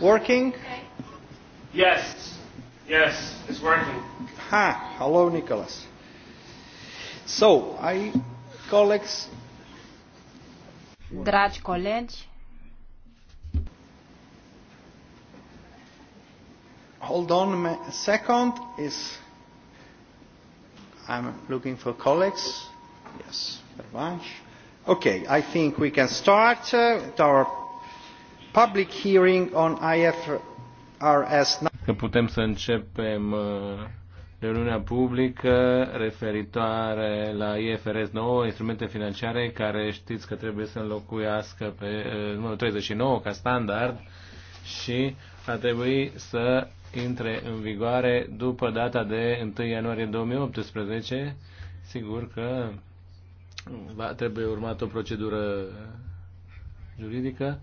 Working? Yes. Yes, it's working. Ha! Hello, Nicholas. So, I, colleagues. Dragi colegi. Hold on a second. Is I'm looking for colleagues. Yes, much. Okay, I think we can start uh, with our public hearing on IFRS. Că putem să începem uh, reuniunea publică referitoare la IFRS 9, instrumente financiare care știți că trebuie să înlocuiască pe uh, numărul 39 ca standard și a trebui să intre în vigoare după data de 1 ianuarie 2018. Sigur că va, trebuie urmat o procedură juridică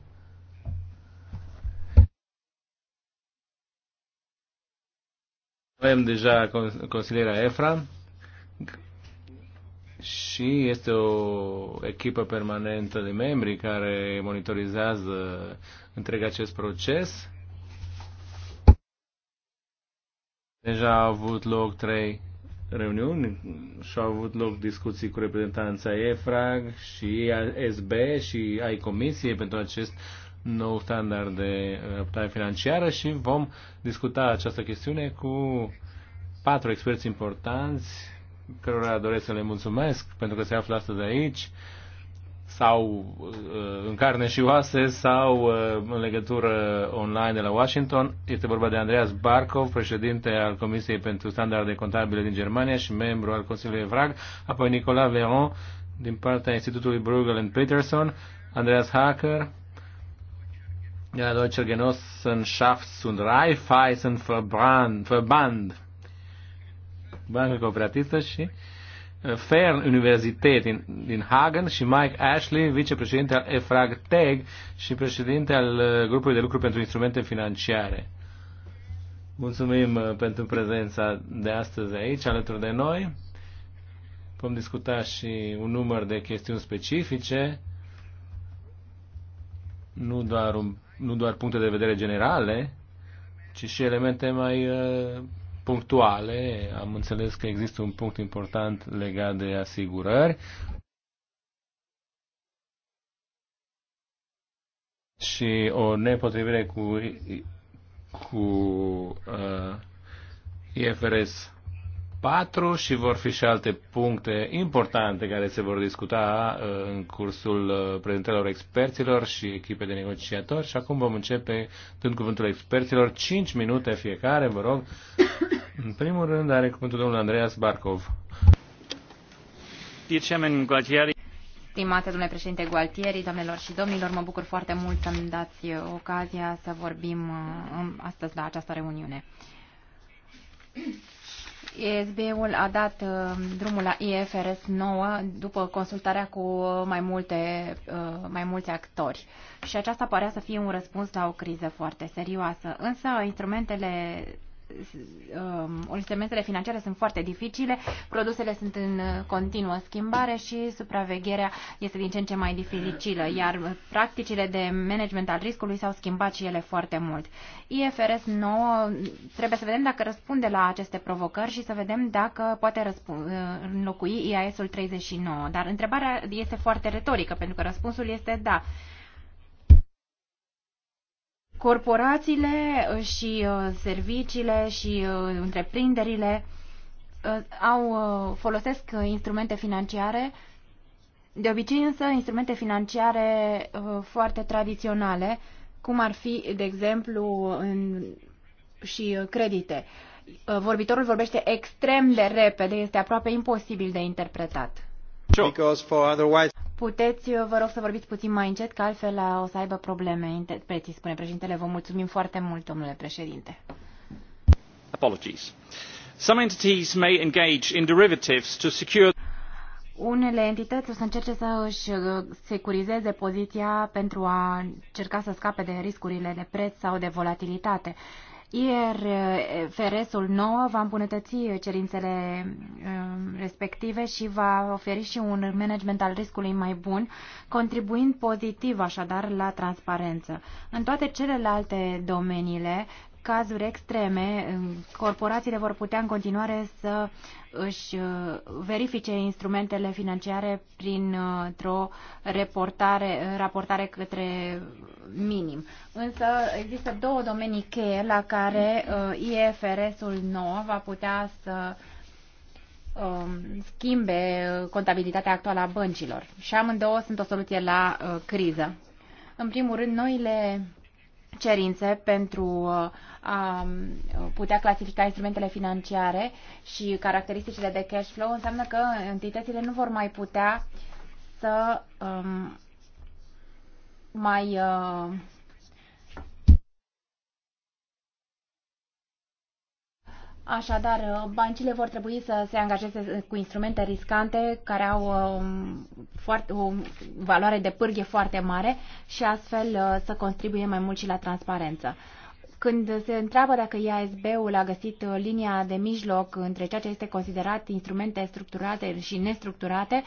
Avem deja consiliera EFRA și este o echipă permanentă de membri care monitorizează întreg acest proces. Deja au avut loc trei reuniuni și au avut loc discuții cu reprezentanța EFRAG și SB și ai Comisiei pentru acest nou standard de adaptare uh, financiară și vom discuta această chestiune cu patru experți importanți cărora doresc să le mulțumesc pentru că se află astăzi aici sau uh, în carne și oase sau uh, în legătură online de la Washington. Este vorba de Andreas Barkov, președinte al Comisiei pentru Standarde Contabile din Germania și membru al Consiliului Evrag, apoi Nicolas Veron din partea Institutului Bruegel Peterson, Andreas Hacker, Ja, deutsche Genossenschafts- und Raiffeisenverband, Verband, Banca Cooperatistă și uh, Fern Universität din, din Hagen și Mike Ashley, vicepreședinte al EFRAG TEG și președinte al uh, grupului de lucru pentru instrumente financiare. Mulțumim uh, pentru prezența de astăzi aici, alături de noi. Vom discuta și un număr de chestiuni specifice, nu doar un nu doar puncte de vedere generale, ci și elemente mai uh, punctuale. Am înțeles că există un punct important legat de asigurări. Și o nepotrivire cu, cu uh, IFRS 4 și vor fi și alte puncte importante care se vor discuta uh, în cursul uh, prezentelor experților și echipe de negociatori și acum vom începe dând cuvântul experților, 5 minute fiecare, vă rog. În primul rând are cuvântul domnul Andreas Barkov. Stimate domnule președinte Gualtieri, domnilor și domnilor, mă bucur foarte mult să-mi dați uh, ocazia să vorbim astăzi la această reuniune. ESB-ul a dat uh, drumul la IFRS 9 după consultarea cu mai, multe, uh, mai mulți actori și aceasta părea să fie un răspuns la o criză foarte serioasă. Însă instrumentele Um, semestrele financiare sunt foarte dificile, produsele sunt în uh, continuă schimbare și supravegherea este din ce în ce mai dificilă, iar practicile de management al riscului s-au schimbat și ele foarte mult. IFRS 9 trebuie să vedem dacă răspunde la aceste provocări și să vedem dacă poate uh, înlocui IAS-ul 39, dar întrebarea este foarte retorică, pentru că răspunsul este da. Corporațiile uh, și uh, serviciile și uh, întreprinderile au, folosesc instrumente financiare, de obicei însă instrumente financiare foarte tradiționale, cum ar fi, de exemplu, în, și credite. Vorbitorul vorbește extrem de repede, este aproape imposibil de interpretat. Sure. Puteți, vă rog să vorbiți puțin mai încet, că altfel o să aibă probleme interpreții, spune președintele. Vă mulțumim foarte mult, domnule președinte. Apologies. Some entities may engage in derivatives to secure unele entități o să încerce să își uh, securizeze poziția pentru a încerca să scape de riscurile de preț sau de volatilitate. Ieri, FRS-ul nou, va îmbunătăți cerințele um, respective și va oferi și un management al riscului mai bun, contribuind pozitiv așadar la transparență. În toate celelalte domeniile, cazuri extreme, corporațiile vor putea în continuare să își uh, verifice instrumentele financiare printr-o uh, reportare, raportare către minim. Însă există două domenii cheie la care uh, IFRS-ul nou va putea să um, schimbe contabilitatea actuală a băncilor. Și amândouă sunt o soluție la criză. În primul rând, noile cerințe pentru uh, a uh, putea clasifica instrumentele financiare și caracteristicile de cash flow, înseamnă că entitățile nu vor mai putea să um, mai uh, Așadar, uh, băncile vor trebui să se angajeze cu instrumente riscante care au um, o valoare de pârghie foarte mare și astfel uh, să contribuie mai mult și la transparență. Când se întreabă dacă IASB-ul a găsit uh, linia de mijloc între ceea ce este considerat instrumente structurate și nestructurate,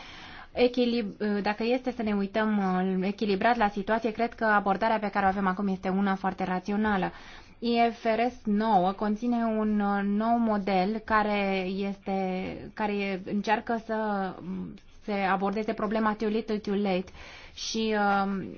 echilib- dacă este să ne uităm echilibrat la situație, cred că abordarea pe care o avem acum este una foarte rațională. IFRS 9 conține un uh, nou model care, este, care încearcă să se abordeze problema too little too late și uh,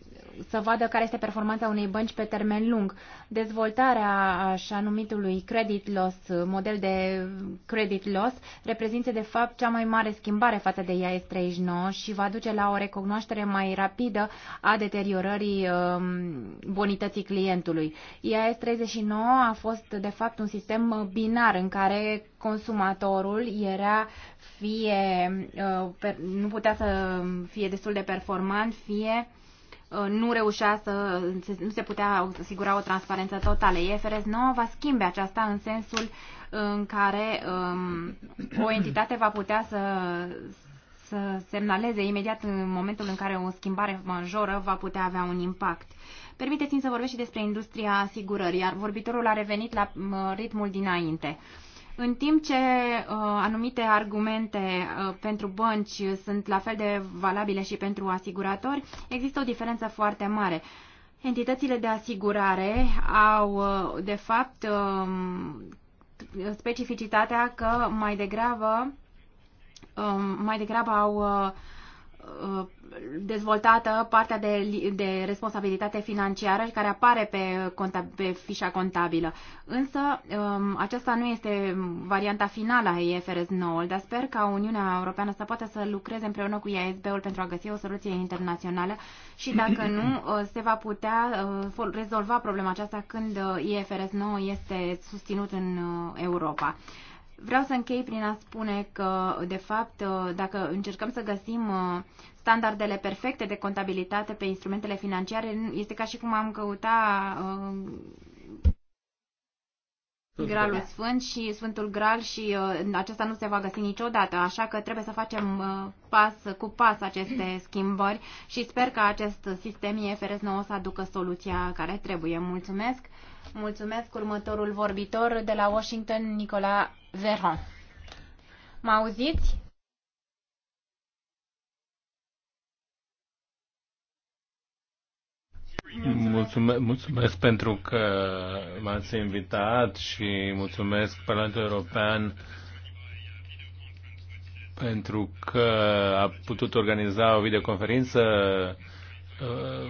să vadă care este performanța unei bănci pe termen lung. Dezvoltarea așa numitului credit loss, model de credit loss, reprezintă de fapt cea mai mare schimbare față de IAS 39 și va duce la o recunoaștere mai rapidă a deteriorării um, bonității clientului. IAS 39 a fost de fapt un sistem binar în care consumatorul era fie uh, nu putea să fie destul de performant, fie Uh, nu reușea să, nu se putea asigura o transparență totală. EFRS 9 va schimbe aceasta în sensul în care um, o entitate va putea să, să semnaleze imediat în momentul în care o schimbare majoră va putea avea un impact. Permiteți-mi să vorbesc și despre industria asigurării, iar vorbitorul a revenit la uh, ritmul dinainte. Uh, în timp ce uh, anumite argumente uh, pentru bănci sunt la fel de valabile și pentru asiguratori, există o diferență foarte mare. Entitățile de asigurare au, uh, de fapt, uh, specificitatea că mai degrabă, uh, mai degrabă au uh, Uh, dezvoltată partea de, de responsabilitate financiară care apare pe, conta, pe fișa contabilă. Însă um, aceasta nu este varianta finală a IFRS 9, dar sper ca Uniunea Europeană să poată să lucreze împreună cu iasb ul pentru a găsi o soluție internațională și dacă nu, uh, se va putea uh, rezolva problema aceasta când IFRS 9 este susținut în Europa. Vreau să închei prin a spune că, de fapt, uh, dacă încercăm să găsim uh, standardele perfecte de contabilitate pe instrumentele financiare, este ca și cum am căuta uh, Gralul Sfânt și Sfântul Gral și uh, acesta nu se va găsi niciodată, așa că trebuie să facem uh, pas cu pas aceste schimbări și sper că acest sistem IFRS 9 să aducă soluția care trebuie. Mulțumesc! Mulțumesc următorul vorbitor de la Washington, Nicola Veron. Mă auziți? Mulțumesc, mulțumesc pentru că m-ați invitat și mulțumesc Parlamentul European pentru că a putut organiza o videoconferință.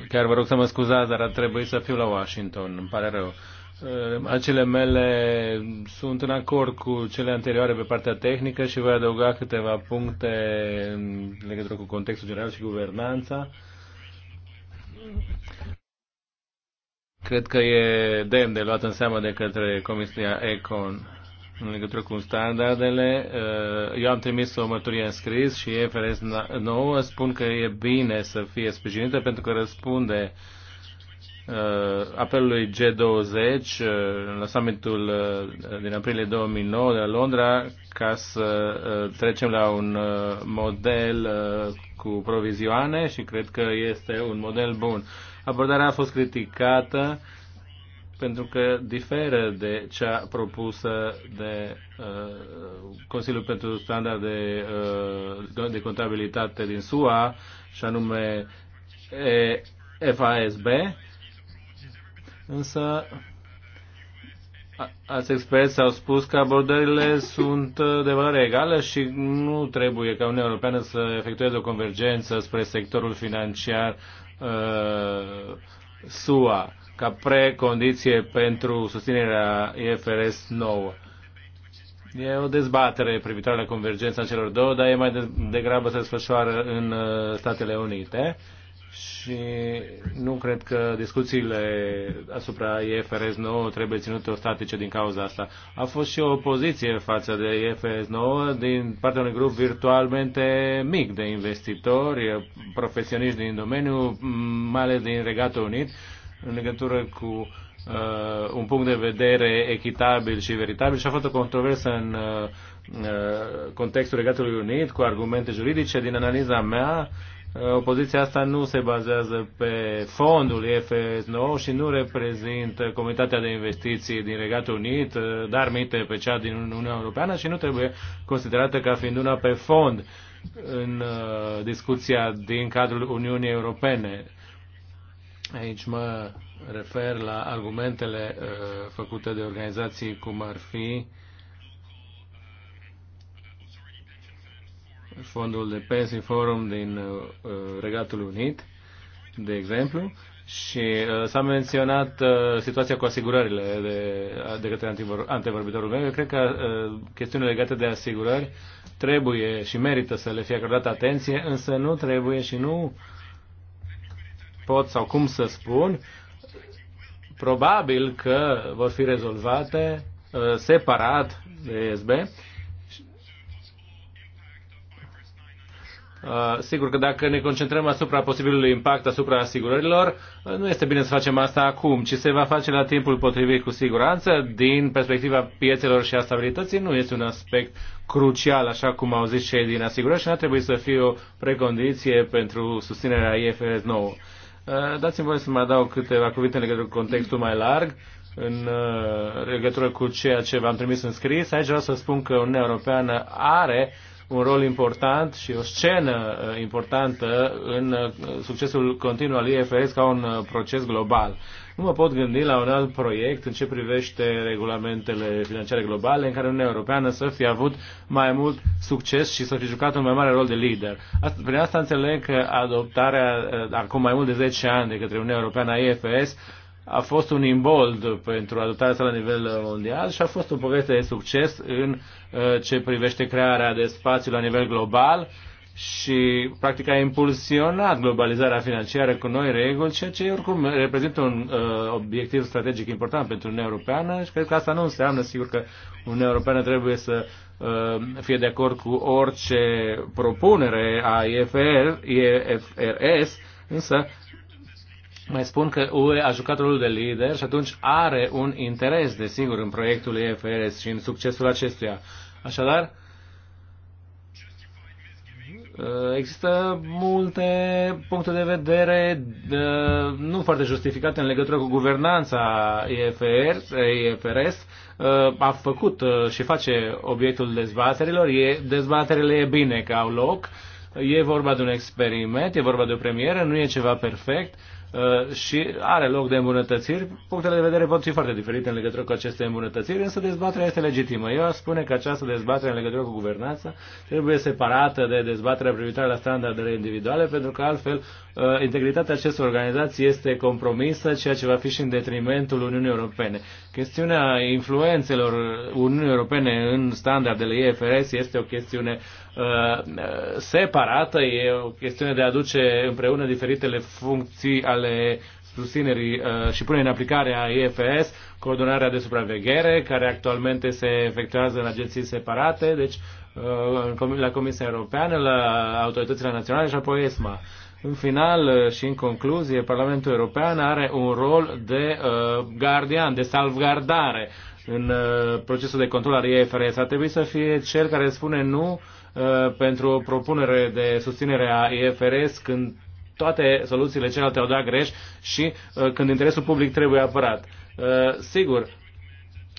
Chiar vă rog să mă scuzați, dar a trebuit să fiu la Washington, îmi pare rău. Ehm, acele mele sunt în acord cu cele anterioare pe partea tehnică și voi adăuga câteva puncte în legătură cu contextul general și guvernanța. Cred că e demn de luat în seamă de către Comisia Econ în legătură cu standardele. Ehm, eu am trimis o mărturie în scris și EFRS 9 spun că e bine să fie sprijinită pentru că răspunde uh, Uh, apelului G20 uh, la summitul uh, din aprilie 2009 de la Londra ca să trecem la un model cu provizioane și cred că este un model bun. Abordarea a fost criticată pentru că diferă de cea propusă de uh, Consiliul pentru Standarde uh, de Contabilitate din SUA, și anume FASB, Însă alți experți au spus că abordările sunt de valoare egală și nu trebuie ca Uniunea Europeană să efectueze o convergență spre sectorul financiar uh, SUA ca precondiție pentru susținerea IFRS 9. E o dezbatere privitoare la convergența celor două, dar e mai degrabă se desfășoară în uh, Statele Unite. Uh, și nu cred că discuțiile asupra IFRS 9 trebuie ținute ostatice din cauza asta. A fost și o opoziție față de IFRS 9 din partea unui grup virtualmente mic de investitori, profesioniști din domeniu, mai ales din Regatul Unit, în legătură cu uh, un punct de vedere echitabil și veritabil și a fost o controversă în uh, uh contextul Regatului Unit cu argumente juridice. Din analiza mea, Uh, opoziția asta nu se bazează pe fondul FS9 și nu reprezintă Comunitatea de Investiții din Regatul Unit, uh, dar minte pe cea din Uniunea Europeană și nu trebuie considerată ca fiind una pe fond în uh, discuția din cadrul Uniunii Europene. Aici mă refer la argumentele făcute de organizații cum ar fi uh, fondul de pensii forum din uh, uh, Regatul Unit, de exemplu, și uh, s-a menționat uh, situația cu asigurările de, de către antevorbitorul meu. Eu cred că uh, chestiunile legate de asigurări trebuie și merită să le fie acordată atenție, însă nu trebuie și nu pot sau cum să spun, probabil că vor fi rezolvate uh, separat de SB Uh, sigur că dacă ne concentrăm asupra posibilului impact asupra asigurărilor, uh, nu este bine să facem asta acum, ci se va face la timpul potrivit cu siguranță. Din perspectiva piețelor și a stabilității, nu este un aspect crucial, așa cum au zis cei din asigurări și nu ar trebui să fie o precondiție pentru susținerea IFRS 9. Uh, dați-mi voie să mai dau câteva cuvinte în legătură cu contextul mai larg în legătură cu ceea ce v-am trimis în scris. Aici vreau să spun că Uniunea Europeană are un rol important și o scenă uh, importantă în uh, succesul continuu al IFRS ca un uh, proces global. Nu mă pot gândi la un alt proiect în ce privește regulamentele financiare globale în care Uniunea Europeană să fi avut mai mult succes și să fi jucat un mai mare rol de lider. Prin asta înțeleg că adoptarea acum mai mult de 10 ani de către Uniunea Europeană a IFS a fost un imbold pentru adoptarea sa la nivel mondial și a fost o poveste de succes în uh, ce privește crearea de spațiu la nivel global și practic a impulsionat globalizarea financiară cu noi reguli, ceea ce oricum reprezintă un uh, obiectiv strategic important pentru Uniunea Europeană și cred că asta nu înseamnă sigur că Uniunea Europeană trebuie să uh, fie de acord cu orice propunere a IFR, IFRS, însă mai spun că UE a jucat rolul de lider și atunci are un interes, desigur, în proiectul EFRS și în succesul acestuia. Așadar, Există multe puncte de vedere nu foarte justificate în legătură cu guvernanța EFRS. EFRS. A făcut uh, și face obiectul dezbaterilor. Dezbaterile e bine că au loc. E vorba de un experiment, e vorba de o premieră, nu e ceva perfect. Uh, și are loc de îmbunătățiri. Punctele de vedere pot fi foarte diferite în legătură cu aceste îmbunătățiri, însă dezbaterea este legitimă. Eu aș spune că această dezbatere în legătură cu guvernanța trebuie separată de dezbaterea privitoare la standardele individuale, pentru că altfel uh, integritatea acestor organizații este compromisă, ceea ce va fi și în detrimentul Uniunii Europene. Chestiunea influențelor Uniunii Europene în standardele IFRS este o chestiune uh, separată, e o chestiune de a aduce împreună diferitele funcții ale susținerii uh, și pune în aplicare a IFS, coordonarea de supraveghere, care actualmente se efectuează în agenții separate, deci uh, la Comisia Europeană, la autoritățile naționale și apoi ESMA. Uh, în final uh, și în concluzie, Parlamentul European are un rol de uh, gardian, de salvgardare în uh, procesul de control al IFRS. Ar trebui să fie cel care spune nu uh, pentru o propunere de susținere a IFRS când toate soluțiile celelalte au dat greș și uh, când interesul public trebuie apărat. Uh, sigur,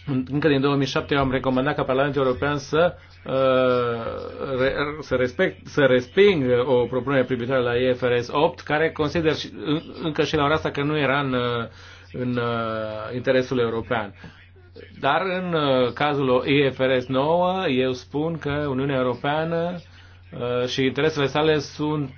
încă din 2007 eu am recomandat ca Parlamentul European să, uh, să, respect, să resping o propunere privitoare la IFRS 8, care consider încă și la ora asta că nu era în, uh, în uh, interesul european. Dar în cazul IFRS 9, eu spun că Uniunea Europeană și interesele sale sunt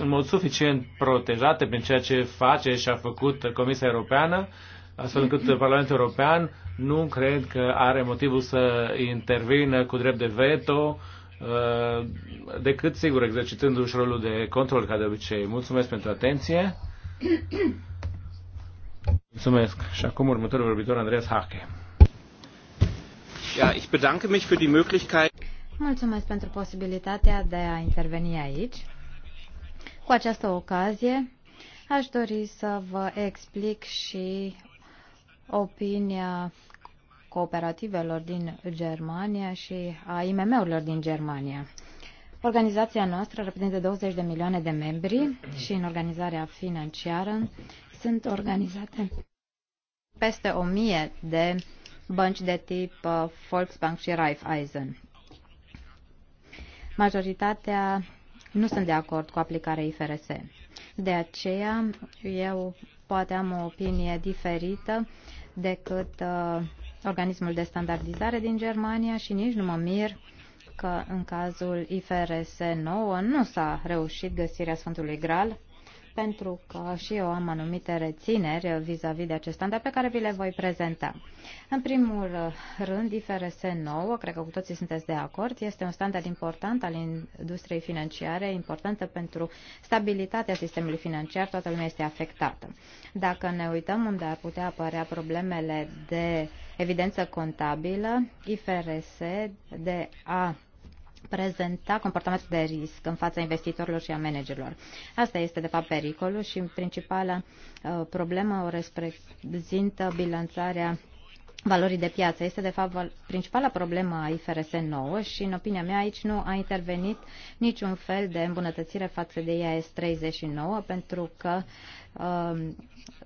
în mod suficient protejate prin ceea ce face și a făcut Comisia Europeană, astfel încât Parlamentul European nu cred că are motivul să intervină cu drept de veto uh, decât, sigur, exercitându-și rolul de control, ca de obicei. Mulțumesc pentru atenție. Mulțumesc. Și acum următorul vorbitor, Andreas Hache. Ja, ich bedanke mich für die Möglichkeit. Mulțumesc pentru posibilitatea de a interveni aici. Cu această ocazie, aș dori să vă explic și opinia cooperativelor din Germania și a IMM-urilor din Germania. Organizația noastră reprezintă 20 de milioane de membri și în organizarea financiară sunt organizate peste 1000 de bănci de tip uh, Volksbank și Raiffeisen. Majoritatea nu sunt de acord cu aplicarea IFRS. De aceea eu poate am o opinie diferită decât uh, organismul de standardizare din Germania și nici nu mă mir că în cazul IFRS 9 nu s-a reușit găsirea Sfântului Graal pentru că și eu am anumite rețineri vis-a-vis -vis de acest standard pe care vi le voi prezenta. În primul rând, IFRS 9, cred că cu toții sunteți de acord, este un standard important al industriei financiare, importantă pentru stabilitatea sistemului financiar, toată lumea este afectată. Dacă ne uităm unde ar putea apărea problemele de evidență contabilă, IFRS de a prezenta comportamente de risc în fața investitorilor și a managerilor. Asta este, de fapt, pericolul și principala uh, problemă o reprezintă bilanțarea valorii de piață. Este, de fapt, principala problemă a IFRS 9 și, în opinia mea, aici nu a intervenit niciun fel de îmbunătățire față de IAS 39, pentru că uh,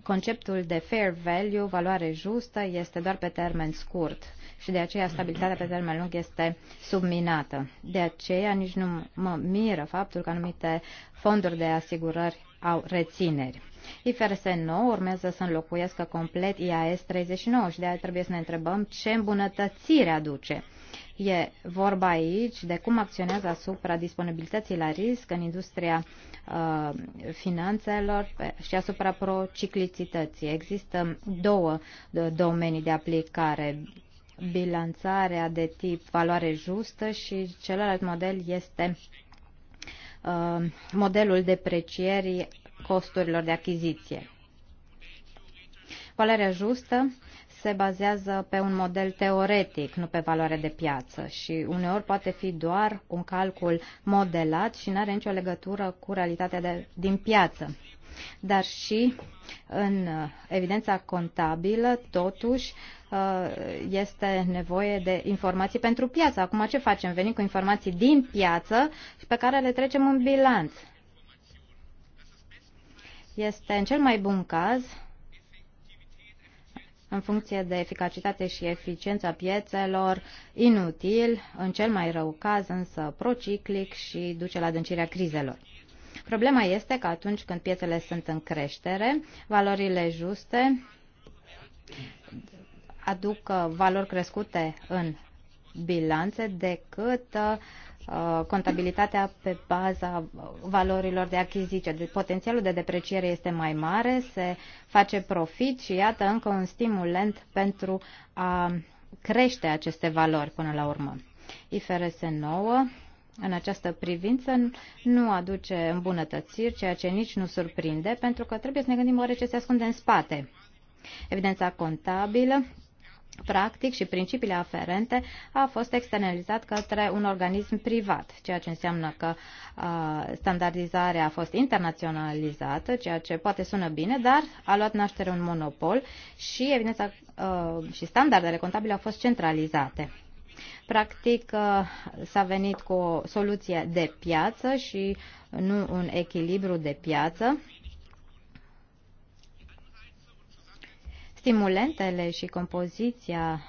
conceptul de fair value, valoare justă, este doar pe termen scurt și de aceea stabilitatea pe termen lung este subminată. De aceea nici nu mă miră faptul că anumite fonduri de asigurări au rețineri. IFRS 9 urmează să înlocuiască complet IAS 39 și de aia trebuie să ne întrebăm ce îmbunătățire aduce. E vorba aici de cum acționează asupra disponibilității la risc în industria uh, finanțelor și asupra prociclicității. Există două uh, domenii de aplicare, bilanțarea de tip valoare justă și celălalt model este uh, modelul deprecierii costurilor de achiziție. Valoarea justă se bazează pe un model teoretic, nu pe valoare de piață și uneori poate fi doar un calcul modelat și nu are nicio legătură cu realitatea de, din piață dar și în uh, evidența contabilă, totuși, uh, este nevoie de informații pentru piață. Acum ce facem? Venim cu informații din piață și pe care le trecem în bilanț. Este în cel mai bun caz în funcție de eficacitate și eficiența piețelor, inutil, în cel mai rău caz, însă prociclic și duce la adâncirea crizelor. Problema este că atunci când piețele sunt în creștere, valorile juste aduc uh, valori crescute în bilanțe decât uh, contabilitatea pe baza valorilor de achiziție. Deci potențialul de depreciere este mai mare, se face profit și iată încă un stimulent pentru a crește aceste valori până la urmă. IFRS 9 în această privință nu aduce îmbunătățiri, ceea ce nici nu surprinde, pentru că trebuie să ne gândim oare ce se ascunde în spate. Evidența contabilă, practic și principiile aferente, a fost externalizat către un organism privat, ceea ce înseamnă că a, standardizarea a fost internaționalizată, ceea ce poate sună bine, dar a luat naștere un monopol și evidența a, și standardele contabile au fost centralizate. Practic uh, s-a venit cu o soluție de piață și nu un echilibru de piață. Stimulentele și compoziția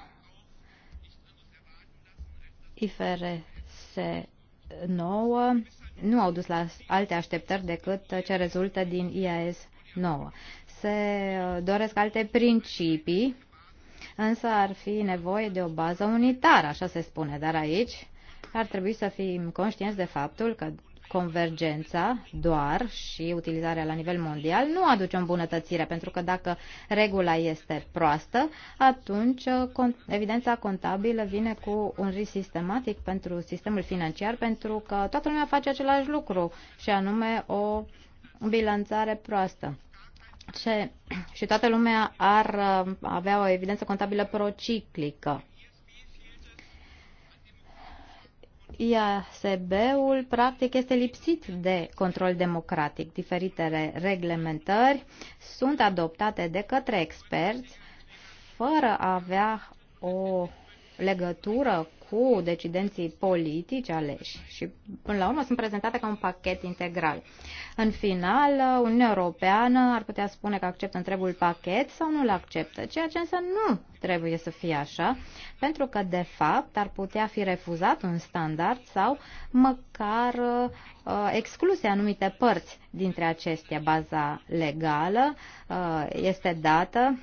IFRS 9 nu au dus la alte așteptări decât ce rezultă din IAS 9. Se uh, doresc alte principii însă ar fi nevoie de o bază unitară, așa se spune. Dar aici ar trebui să fim conștienți de faptul că convergența doar și utilizarea la nivel mondial nu aduce o îmbunătățire, pentru că dacă regula este proastă, atunci uh, evidența contabilă vine cu un risc sistematic pentru sistemul financiar, pentru că toată lumea face același lucru, și anume o bilanțare proastă ce, și toată lumea ar uh, avea o evidență contabilă prociclică. IASB-ul practic este lipsit de control democratic. Diferitele reglementări sunt adoptate de către experți fără a avea o legătură cu decidenții politici aleși și până la urmă sunt prezentate ca un pachet integral. În final, Uniunea Europeană ar putea spune că acceptă întregul pachet sau nu-l acceptă, ceea ce însă nu trebuie să fie așa, pentru că de fapt ar putea fi refuzat un standard sau măcar uh, excluse anumite părți dintre acestea. Baza legală uh, este dată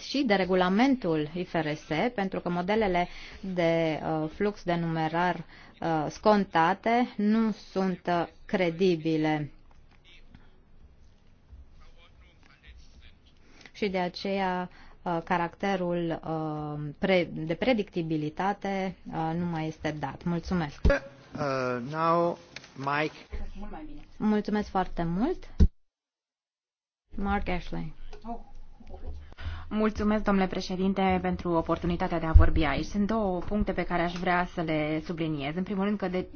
și de regulamentul IFRS, pentru că modelele de uh, flux de numerar uh, scontate nu sunt uh, credibile. Și de aceea caracterul de predictibilitate nu mai este dat. Mulțumesc! Uh, now, Mike. Mulțumesc foarte mult! Mark Ashley. Oh. Mulțumesc, domnule președinte, pentru oportunitatea de a vorbi aici. Sunt două puncte pe care aș vrea să le subliniez. În primul rând că de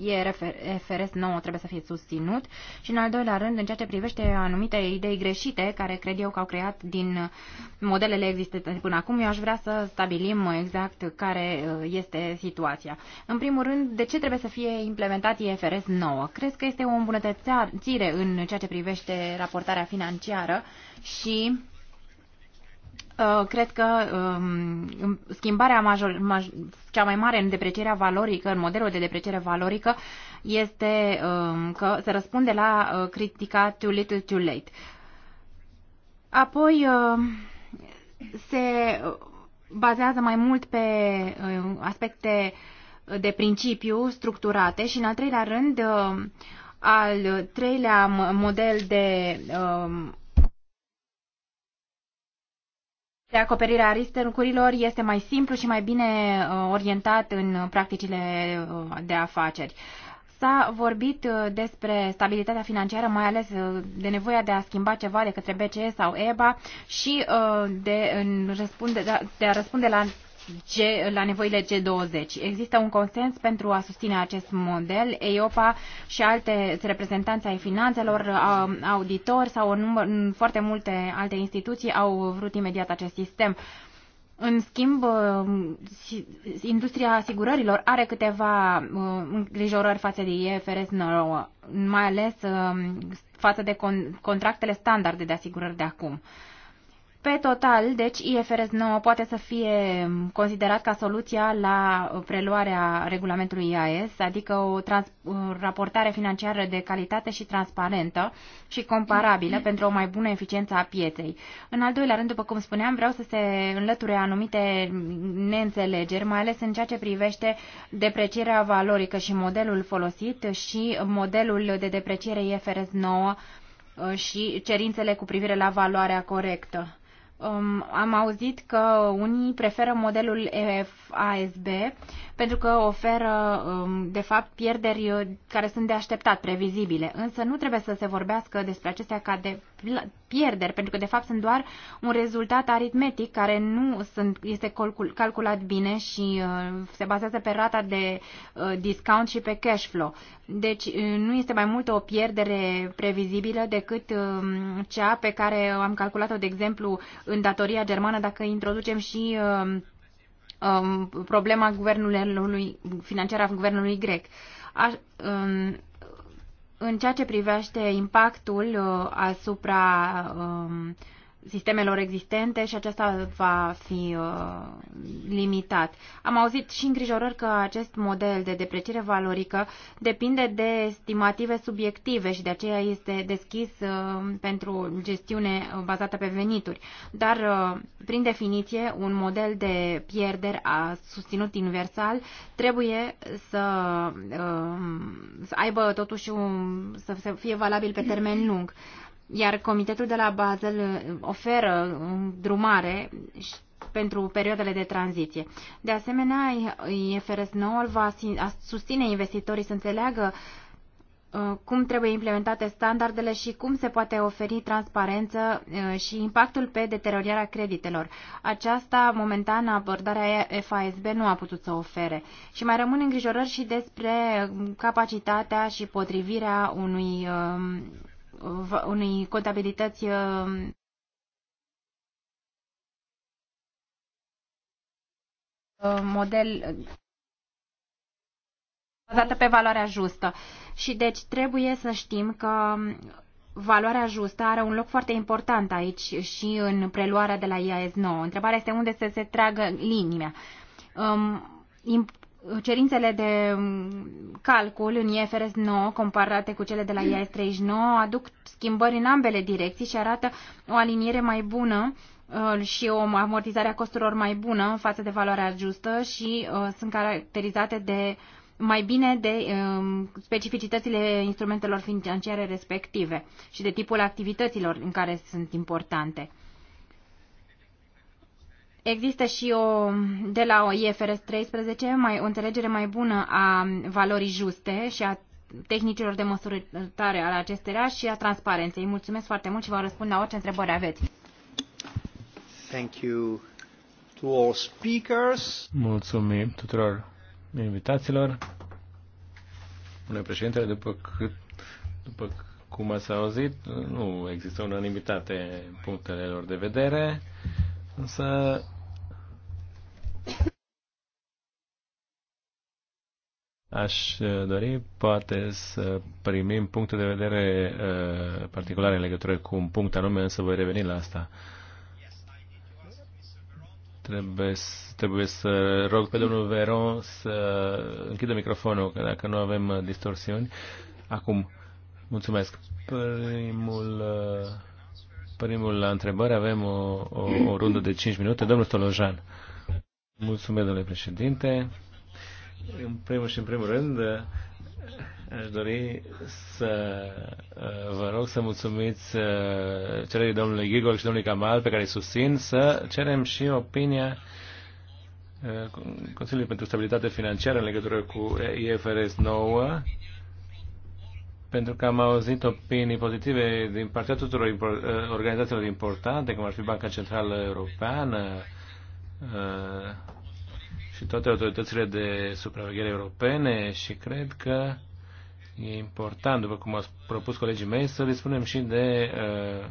FRS 9 trebuie să fie susținut și în al doilea rând în ceea ce privește anumite idei greșite care cred eu că au creat din modelele existente până acum, eu aș vrea să stabilim exact care uh, este situația. În primul rând, de ce trebuie să fie implementat IFRS 9? Cred că este o îmbunătățire în ceea ce privește raportarea financiară și Uh, cred că um, schimbarea major, maj, cea mai mare în deprecierea valorică, în modelul de depreciere valorică, este um, că se răspunde la uh, critica too little too late. Apoi uh, se bazează mai mult pe uh, aspecte de principiu structurate și, în al treilea rând, uh, al treilea model de de acoperire a riscurilor este mai simplu și mai bine uh, orientat în practicile uh, de afaceri. S-a vorbit uh, despre stabilitatea financiară, mai ales de nevoia de a schimba ceva de către BCE sau EBA și de, răspunde, de a răspunde la G, la nevoile G20. Există un consens pentru a susține acest model. EIOPA și alte reprezentanți ai finanțelor, auditori sau număr, foarte multe alte instituții au vrut imediat acest sistem. În schimb, uh, industria asigurărilor are câteva uh, îngrijorări față de IFRS 9, mai ales uh, față de contractele standarde de asigurări de acum. Pe total, deci, IFRS 9 poate să fie considerat ca soluția la preluarea regulamentului IAS, adică o trans- raportare financiară de calitate și transparentă și comparabilă pentru o mai bună eficiență a pieței. În al doilea rând, după cum spuneam, vreau să se înlăture anumite neînțelegeri, mai ales în ceea ce privește deprecierea valorică și modelul folosit și modelul de depreciere IFRS 9 uh, și cerințele cu privire la valoarea corectă. Um, am auzit că unii preferă modelul EFASB pentru că oferă, um, de fapt, pierderi uh, care sunt de așteptat, previzibile. Însă nu trebuie să se vorbească despre acestea ca de pierderi, pentru că, de fapt, sunt doar un rezultat aritmetic care nu sunt, este calculat bine și uh, se bazează pe rata de uh, discount și pe cash flow. Deci nu este mai mult o pierdere previzibilă decât um, cea pe care am calculat-o, de exemplu, în datoria germană, dacă introducem și um, um, problema guvernului financiar a guvernului grec. A, um, în ceea ce privește impactul uh, asupra uh, sistemelor existente și acesta va fi uh, limitat. Am auzit și îngrijorări că acest model de depreciere valorică depinde de estimative subiective și de aceea este deschis uh, pentru gestiune bazată pe venituri. Dar, uh, prin definiție, un model de pierderi a susținut universal trebuie să, uh, să aibă totuși un, să fie valabil pe termen lung. Iar comitetul de la Basel uh, oferă um, drumare pentru perioadele de tranziție. De asemenea, IFRS 9 va susține investitorii să înțeleagă uh, cum trebuie implementate standardele și cum se poate oferi transparență uh, și impactul pe deteriorarea creditelor. Aceasta, momentan, abordarea FASB nu a putut să ofere. Și mai rămân îngrijorări și despre capacitatea și potrivirea unui um, unei contabilități uh, model bazată pe valoarea justă. Și deci trebuie să știm că valoarea justă are un loc foarte important aici și în preluarea de la IAS 9. Întrebarea este unde să se tragă linia. Um, cerințele de mm, calcul în IFRS 9 comparate cu cele de la IAS 39 aduc schimbări în ambele direcții și arată o aliniere mai bună uh, și o amortizare a costurilor mai bună față de valoarea justă și uh, sunt caracterizate de mai bine de um, specificitățile instrumentelor financiare respective și de tipul activităților în care sunt importante. Există și o, de la o IFRS 13 mai, o înțelegere mai bună a valorii juste și a tehnicilor de măsurătare ale acestora și a transparenței. Mulțumesc foarte mult și vă răspund la orice întrebări aveți. Thank you to all speakers. Mulțumim tuturor invitațiilor. Bună președintele, după cât, după cum ați auzit, nu există unanimitate punctelor de vedere. Însă aș uh, dori poate să primim puncte de vedere uh, particulare în legătură cu un punct anume, însă voi reveni la asta. Trebuie, trebuie să rog pe domnul Veron să închidă microfonul, că dacă nu avem uh, distorsiuni. Acum, mulțumesc. Primul... Uh, primul la întrebări avem o, o, o rundă de 5 minute. Domnul Stolojan. Mulțumesc, domnule președinte. În primul și în primul rând, Aș dori să uh, vă rog să mulțumiți uh, cererii domnului Gigol și domnului Camal, pe care îi susțin, să cerem și opinia uh, Consiliului pentru Stabilitate Financiară în legătură cu IFRS 9 pentru că am auzit opinii pozitive din partea tuturor eh, organizațiilor importante, cum ar fi Banca Centrală Europeană eh, și toate autoritățile de supraveghere europene și cred că e important, după cum au propus colegii mei, să dispunem și de eh,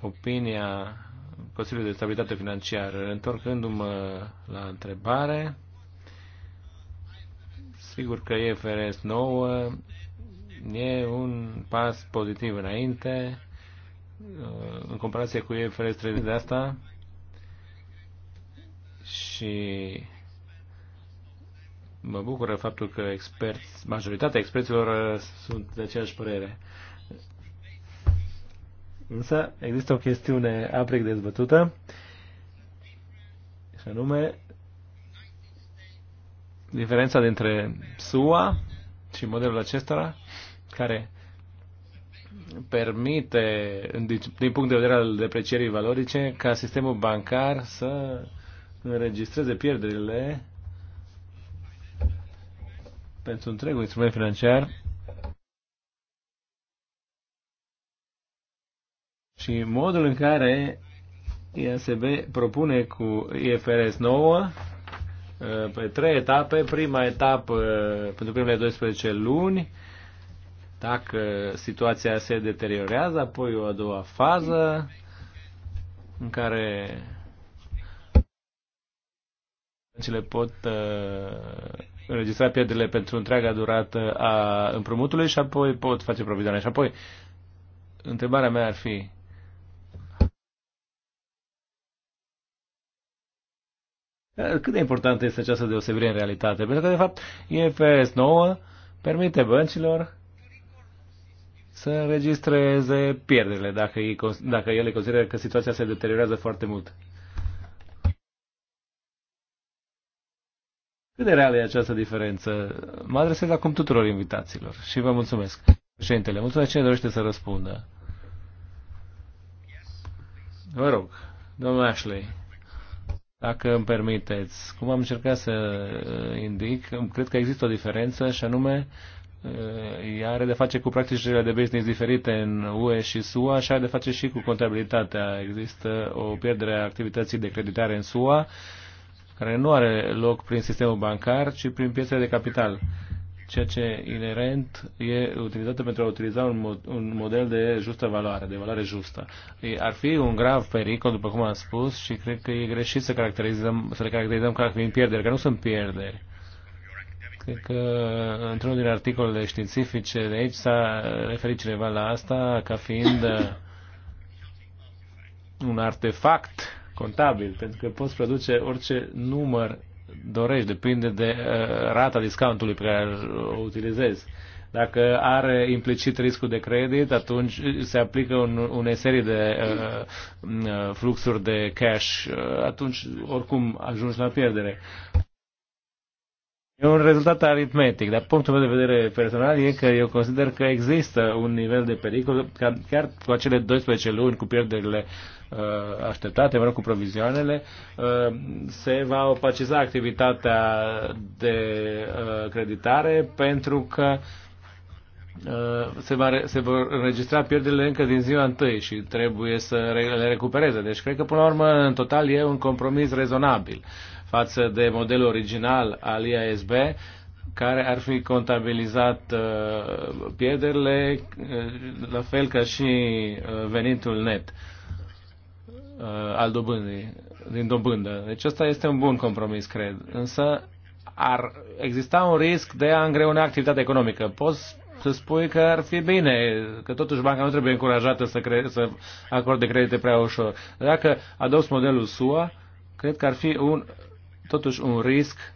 opinia Consiliului de Stabilitate Financiară. Întorcându-mă la întrebare, sigur că EFRS 9 E un pas pozitiv înainte, uh, în comparație cu IFRS 30 de asta și mă bucură faptul că experți, majoritatea experților uh, sunt de aceeași părere. Însă există o chestiune aprig dezbătută și anume diferența dintre SUA și modelul acesta care permite, din punct de vedere al deprecierii valorice, ca sistemul bancar să înregistreze pierderile pentru întregul instrument financiar și modul în care ISB propune cu IFRS 9 uh, pe trei etape. Prima etapă uh, pentru primele 12 luni, dacă situația se deteriorează, apoi o a doua fază în care băncile pot uh, înregistra pierderile pentru întreaga durată a împrumutului și apoi pot face provizioane. Și apoi, întrebarea mea ar fi, uh, Cât de importantă este această deosebire în realitate? Pentru că, de fapt, IFRS 9 permite băncilor să înregistreze pierderile dacă, ei, dacă ele consideră că situația se deteriorează foarte mult. Cât de reală e această diferență? Mă adresez acum tuturor invitațiilor și vă mulțumesc. Președintele, mulțumesc cine dorește să răspundă. Vă rog, domnul Ashley, dacă îmi permiteți, cum am încercat să indic, cred că există o diferență și anume ea are de face cu practicile de business diferite în UE și SUA și are de face și cu contabilitatea. Există o pierdere a activității de creditare în SUA, care nu are loc prin sistemul bancar, ci prin piețele de capital ceea ce inerent e utilizată pentru a utiliza un, mod, un model de justă valoare, de valoare justă. Ar fi un grav pericol, după cum am spus, și cred că e greșit să, caracterizăm, să le caracterizăm ca fiind pierderi, că nu sunt pierderi. Cred că într-unul din articolele științifice de aici s-a referit cineva la asta ca fiind uh, un artefact contabil, pentru că poți produce orice număr dorești, depinde de uh, rata discountului pe care o utilizezi. Dacă are implicit riscul de credit, atunci se aplică un, une serie de uh, uh fluxuri de cash, atunci oricum ajungi la pierdere. E un rezultat aritmetic, dar punctul meu de vedere personal e că eu consider că există un nivel de pericol, ca, chiar cu acele 12 luni, cu pierderile uh, așteptate, mă rog, cu provizioanele, uh, se va opaciza activitatea de uh, creditare pentru că uh, se, va, se vor înregistra pierderile încă din ziua întâi și trebuie să le recupereze. Deci cred că, până la urmă, în total e un compromis rezonabil. Uh, față de modelul original al IASB, care ar fi contabilizat uh, pierderile, uh, la fel ca și uh, venitul net al dobândii, din dobândă. Deci asta este un bun compromis, cred. Însă ar exista un risc de a îngreuna activitatea economică. Poți să spui că ar fi bine, că totuși banca nu trebuie încurajată să, cre- să acorde credite prea ușor. Dacă adopți modelul SUA, cred că ar fi un totuși un risc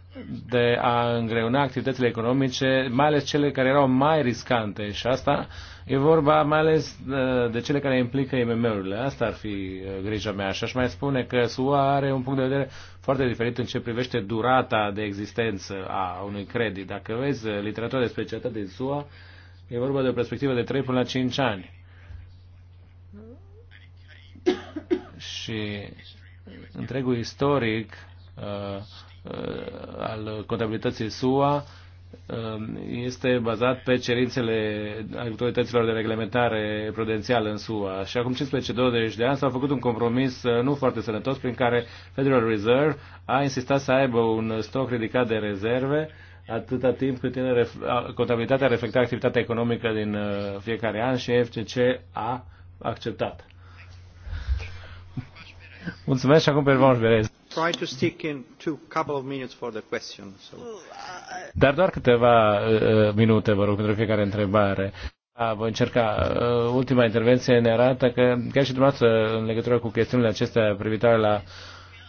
de a îngreuna activitățile economice, mai ales cele care erau mai riscante și asta e vorba mai ales uh, de cele care implică IMM-urile. Asta ar fi uh, grija mea și aș mai spune că SUA are un punct de vedere foarte diferit în ce privește durata de existență a unui credit. Dacă vezi uh, literatura de specialitate din SUA, e vorba de o perspectivă de 3 până la 5 ani. și întregul istoric Uh, al contabilității SUA uh, este bazat pe cerințele autorităților de reglementare prudențială în SUA. Și acum 15-20 de ani s-a făcut un compromis uh, nu foarte sănătos prin care Federal Reserve a insistat să aibă un stoc ridicat de rezerve atâta timp cât tine contabilitatea reflecta activitatea economică din fiecare an și FCC a acceptat. Mulțumesc și acum pe Vanș Berez. Dar doar câteva uh, uh, minute, vă rog, pentru fiecare întrebare. A, voi încerca. Uh, ultima intervenție ne arată că, chiar și dumneavoastră, în legătură cu chestiunile acestea privitoare la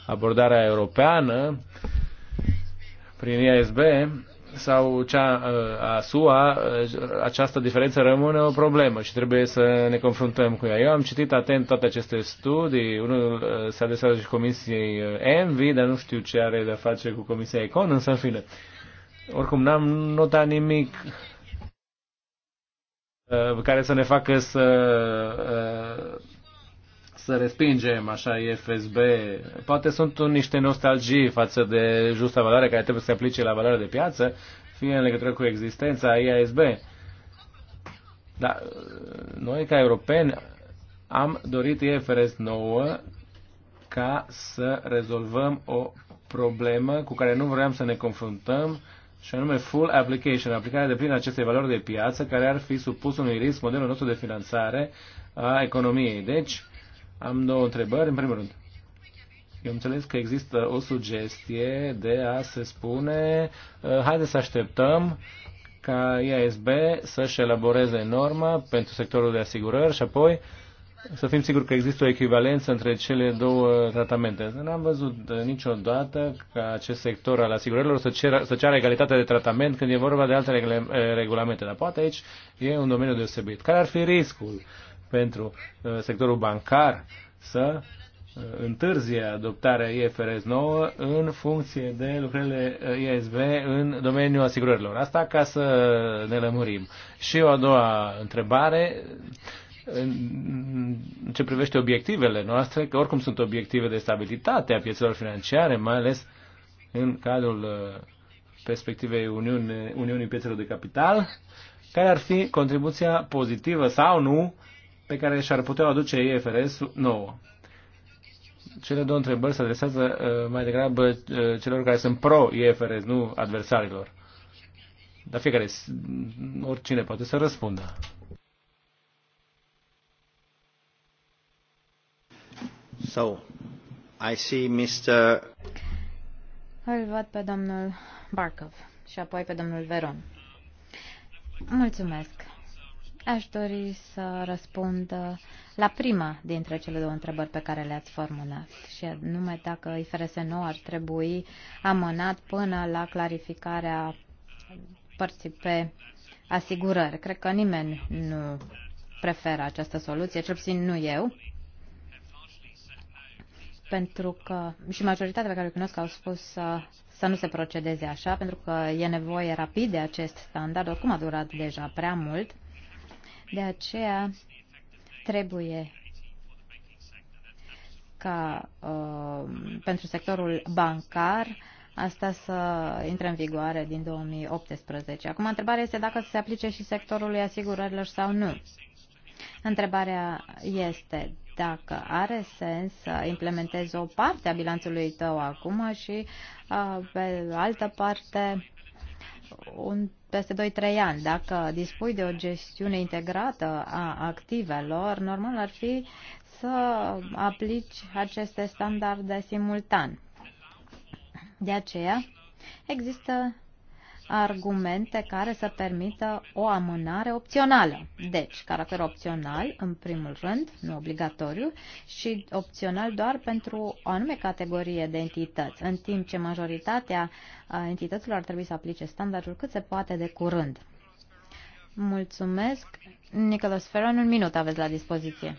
abordarea europeană, prin ISB, sau cea uh, a SUA, uh, această diferență rămâne o problemă și trebuie să ne confruntăm cu ea. Eu am citit atent toate aceste studii, unul uh, se adresează și Comisiei Envy, dar nu știu ce are de-a face cu Comisia Econ, însă în fine. Oricum, n-am notat nimic care să ne facă să să respingem așa FSB. Poate sunt niște nostalgii față de justa valoare care trebuie să se aplice la valoarea de piață, fie în legătură cu existența IASB. Dar uh, noi ca europeni am dorit IFRS 9 ca să rezolvăm o problemă cu care nu vroiam să ne confruntăm și anume full application, aplicarea de plin acestei valori de piață care ar fi supus unui risc modelul nostru de finanțare a economiei. Deci, am două întrebări. În primul rând, eu înțeles că există o sugestie de a se spune uh, haide să așteptăm ca IASB să-și elaboreze norma pentru sectorul de asigurări și apoi să fim siguri că există o echivalență între cele două tratamente. N-am văzut niciodată ca acest sector al asigurărilor să, ceară, să ceară egalitate de tratament când e vorba de alte regle, eh, regulamente, dar poate aici e un domeniu deosebit. Care ar fi riscul? Uh, pentru uh, sectorul bancar să uh, întârzie adoptarea IFRS 9 în funcție de lucrările uh, ISV în domeniul asigurărilor. Asta ca să ne lămurim. Și o a doua întrebare, în ce privește obiectivele noastre, că oricum sunt obiective de stabilitate a piețelor financiare, mai ales în cadrul perspectivei Uniune, Uniunii Piețelor de Capital, care ar fi contribuția pozitivă sau nu pe care și-ar putea aduce IFRS 9. Cele două întrebări se adresează uh, mai degrabă uh, celor care sunt pro-IFRS, nu adversarilor. Dar fiecare, oricine poate să răspundă. So, I see Mr. Îl văd pe domnul Barkov și apoi pe domnul Veron. Mulțumesc. Aș dori să răspund uh, la prima dintre cele două întrebări pe care le-ați formulat, și anume dacă IFRS 9 ar trebui amânat până la clarificarea părții pe asigurări. Cred că nimeni nu preferă această soluție, cel puțin nu eu, pentru că și majoritatea pe care o cunosc au spus să, uh, să nu se procedeze așa, pentru că e nevoie rapid de acest standard, oricum a durat deja prea mult de aceea trebuie ca uh, pentru sectorul bancar asta să intre în vigoare din 2018. Acum, întrebarea este dacă se aplice și sectorului asigurărilor sau nu. Întrebarea este dacă are sens să implementezi o parte a bilanțului tău acum și uh, pe altă parte un, peste 2-3 ani. Dacă dispui de o gestiune integrată a activelor, normal ar fi să aplici aceste standarde simultan. De aceea, există argumente care să permită o amânare opțională. Deci, caracter opțional, în primul rând, nu obligatoriu, și opțional doar pentru o anume categorie de entități, în timp ce majoritatea entităților ar trebui să aplice standardul cât se poate de curând. Mulțumesc. Nicolas Ferran, un minut aveți la dispoziție.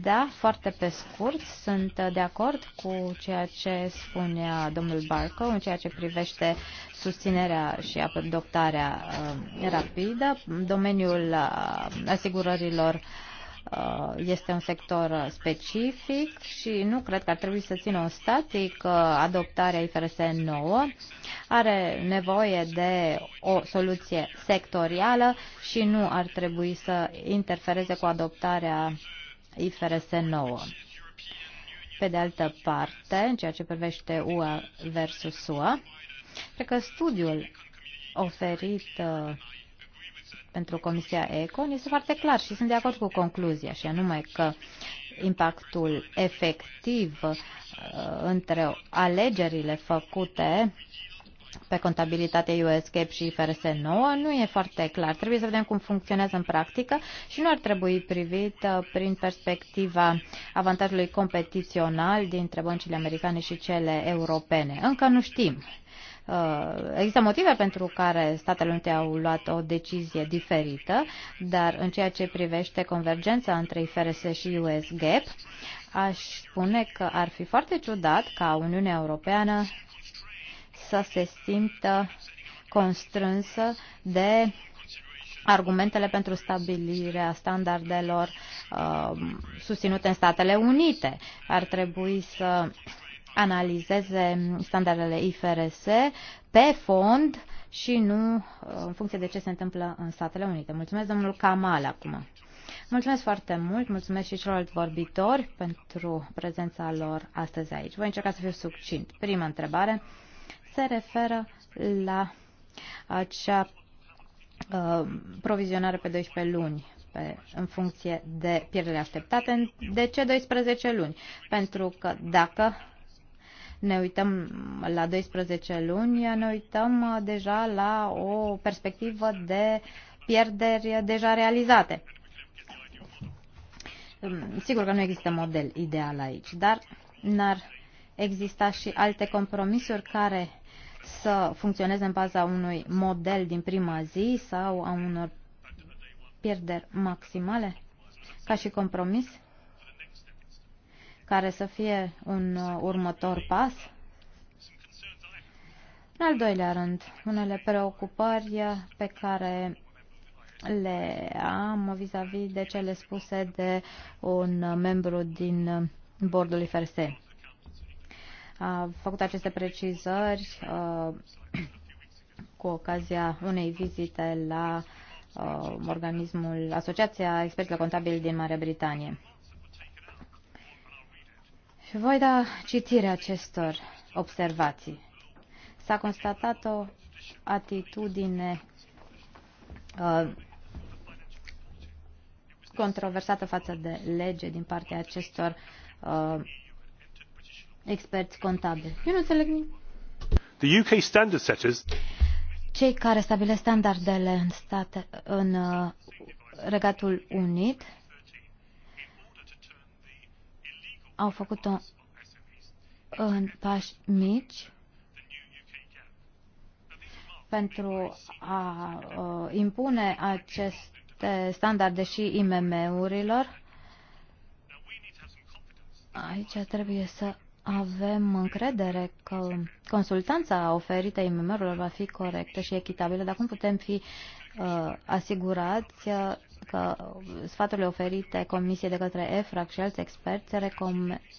Da, foarte pe scurt, sunt de acord cu ceea ce spunea domnul Barco în ceea ce privește susținerea și adoptarea uh, rapidă. Domeniul uh, asigurărilor uh, este un sector specific și nu cred că ar trebui să țină un static adoptarea IFRS 9. Are nevoie de o soluție sectorială și nu ar trebui să interfereze cu adoptarea IFRS 9. Pe de altă parte, în ceea ce privește UE versus SUA, cred că studiul oferit uh, pentru Comisia ECON este foarte clar și sunt de acord cu concluzia, și anume că impactul efectiv uh, între alegerile făcute pe contabilitatea USCAP și FRS 9 nu e foarte clar. Trebuie să vedem cum funcționează în practică și nu ar trebui privit uh, prin perspectiva avantajului competițional dintre băncile americane și cele europene. Încă nu știm. Uh, există motive pentru care Statele Unite au luat o decizie diferită, dar în ceea ce privește convergența între IFRS și US Gap, aș spune că ar fi foarte ciudat ca Uniunea Europeană să se simtă constrânsă de argumentele pentru stabilirea standardelor uh, susținute în Statele Unite. Ar trebui să analizeze standardele IFRS pe fond și nu uh, în funcție de ce se întâmplă în Statele Unite. Mulțumesc, domnul Kamal, acum. Mulțumesc foarte mult, mulțumesc și celorlalți vorbitori pentru prezența lor astăzi aici. Voi încerca să fiu succint. Prima întrebare se referă la acea uh, provizionare pe 12 luni pe, în funcție de pierderile așteptate. De ce 12 luni? Pentru că dacă ne uităm la 12 luni, ne uităm uh, deja la o perspectivă de pierderi deja realizate. Um, sigur că nu există model ideal aici, dar n-ar exista și alte compromisuri care să funcționeze în baza unui model din prima zi sau a unor pierderi maximale, ca și compromis, care să fie un uh, următor pas. În al doilea rând, unele preocupări pe care le am vis-a-vis -vis de cele spuse de un membru din bordul IFRS a făcut aceste precizări uh, cu ocazia unei vizite la uh, organismul Asociația Experților Contabili din Marea Britanie. Și voi da citire acestor observații. S-a constatat o atitudine uh, controversată față de lege din partea acestor uh, experți contabili. Eu nu înțeleg The UK standard setters cei care stabilesc standardele în, state, în uh, Regatul Unit au făcut-o în pași mici pentru a uh, impune aceste standarde și IMM-urilor. Aici trebuie să avem încredere că consultanța oferită IMM-urilor va fi corectă și echitabilă, dar cum putem fi uh, asigurați uh, că sfaturile oferite Comisiei de către EFRAC și alți experți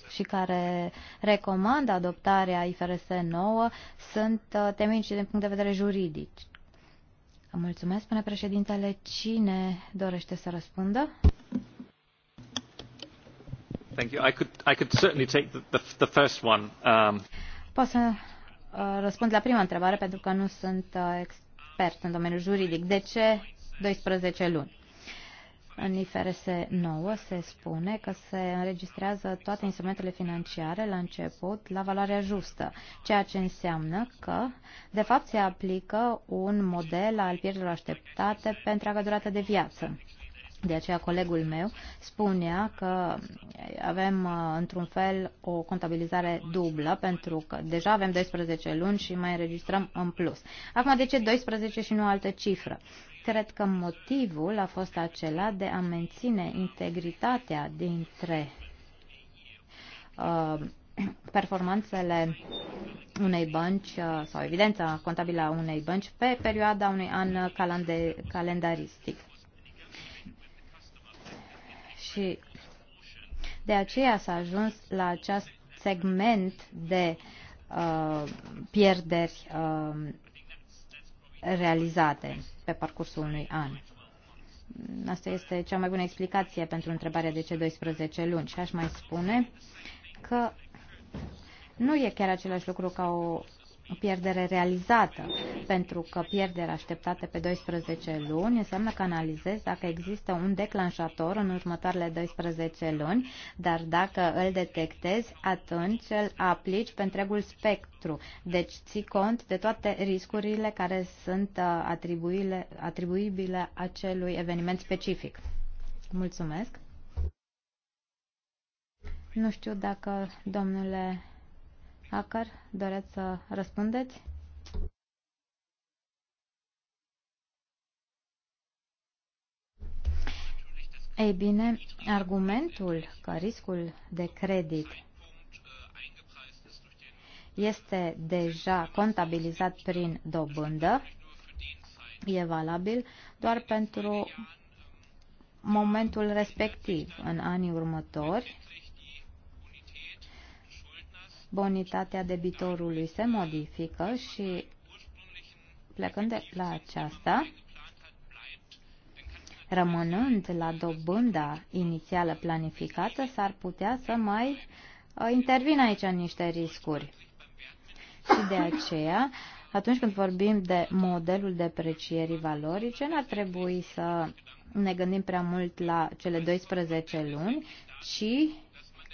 și care recomandă adoptarea IFRS 9 sunt uh, și din punct de vedere juridic? Mulțumesc, spune președintele. Cine dorește să răspundă? Pot să uh, răspund la prima întrebare pentru că nu sunt uh, expert în domeniul juridic. De ce 12 luni? În IFRS 9 se spune că se înregistrează toate instrumentele financiare la început la valoarea justă, ceea ce înseamnă că, de fapt, se aplică un model al pierderilor așteptate pe întreaga durată de viață. De aceea colegul meu spunea că avem uh, într-un fel o contabilizare dublă pentru că deja avem 12 luni și mai înregistrăm în plus. Acum de ce 12 și nu altă cifră? Cred că motivul a fost acela de a menține integritatea dintre uh, performanțele unei bănci uh, sau evidența contabilă a unei bănci pe perioada unui an calendaristic și de aceea s-a ajuns la acest segment de uh, pierderi uh, realizate pe parcursul unui an. Asta este cea mai bună explicație pentru întrebarea de ce 12 luni. Și aș mai spune că nu e chiar același lucru ca o o pierdere realizată, pentru că pierderea așteptată pe 12 luni înseamnă că analizez dacă există un declanșator în următoarele 12 luni, dar dacă îl detectezi, atunci îl aplici pe întregul spectru. Deci ții cont de toate riscurile care sunt uh, atribuibile acelui eveniment specific. Mulțumesc! Nu știu dacă, domnule Acar, doreți să răspundeți? Ei bine, argumentul că riscul de credit este deja contabilizat prin dobândă e valabil doar pentru momentul respectiv. În anii următori, bonitatea debitorului se modifică și plecând de la aceasta, rămânând la dobânda inițială planificată, s-ar putea să mai uh, intervin aici niște riscuri. Și de aceea, atunci când vorbim de modelul deprecierii valorice, n-ar trebui să ne gândim prea mult la cele 12 luni, ci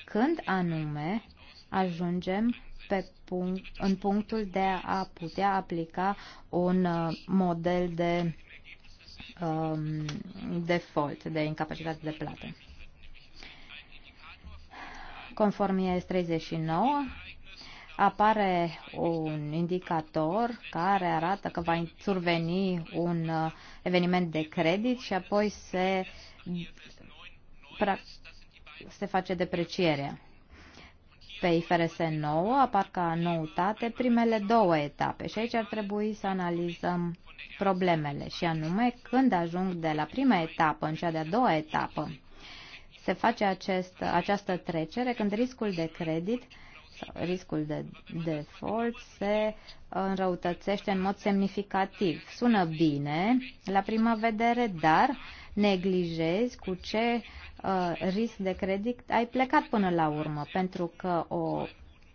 când anume ajungem pe punct, în punctul de a putea aplica un uh, model de um, default, de incapacitate de plată. Conform IS 39, apare un indicator care arată că va surveni un uh, eveniment de credit și apoi se, se face deprecierea. Pe IFRS 9 apar ca noutate primele două etape și aici ar trebui să analizăm problemele și anume când ajung de la prima etapă în cea de-a doua etapă. Se face acest, această trecere când riscul de credit sau riscul de default se înrăutățește în mod semnificativ. Sună bine la prima vedere, dar neglijezi cu ce uh, risc de credit, ai plecat până la urmă, pentru că o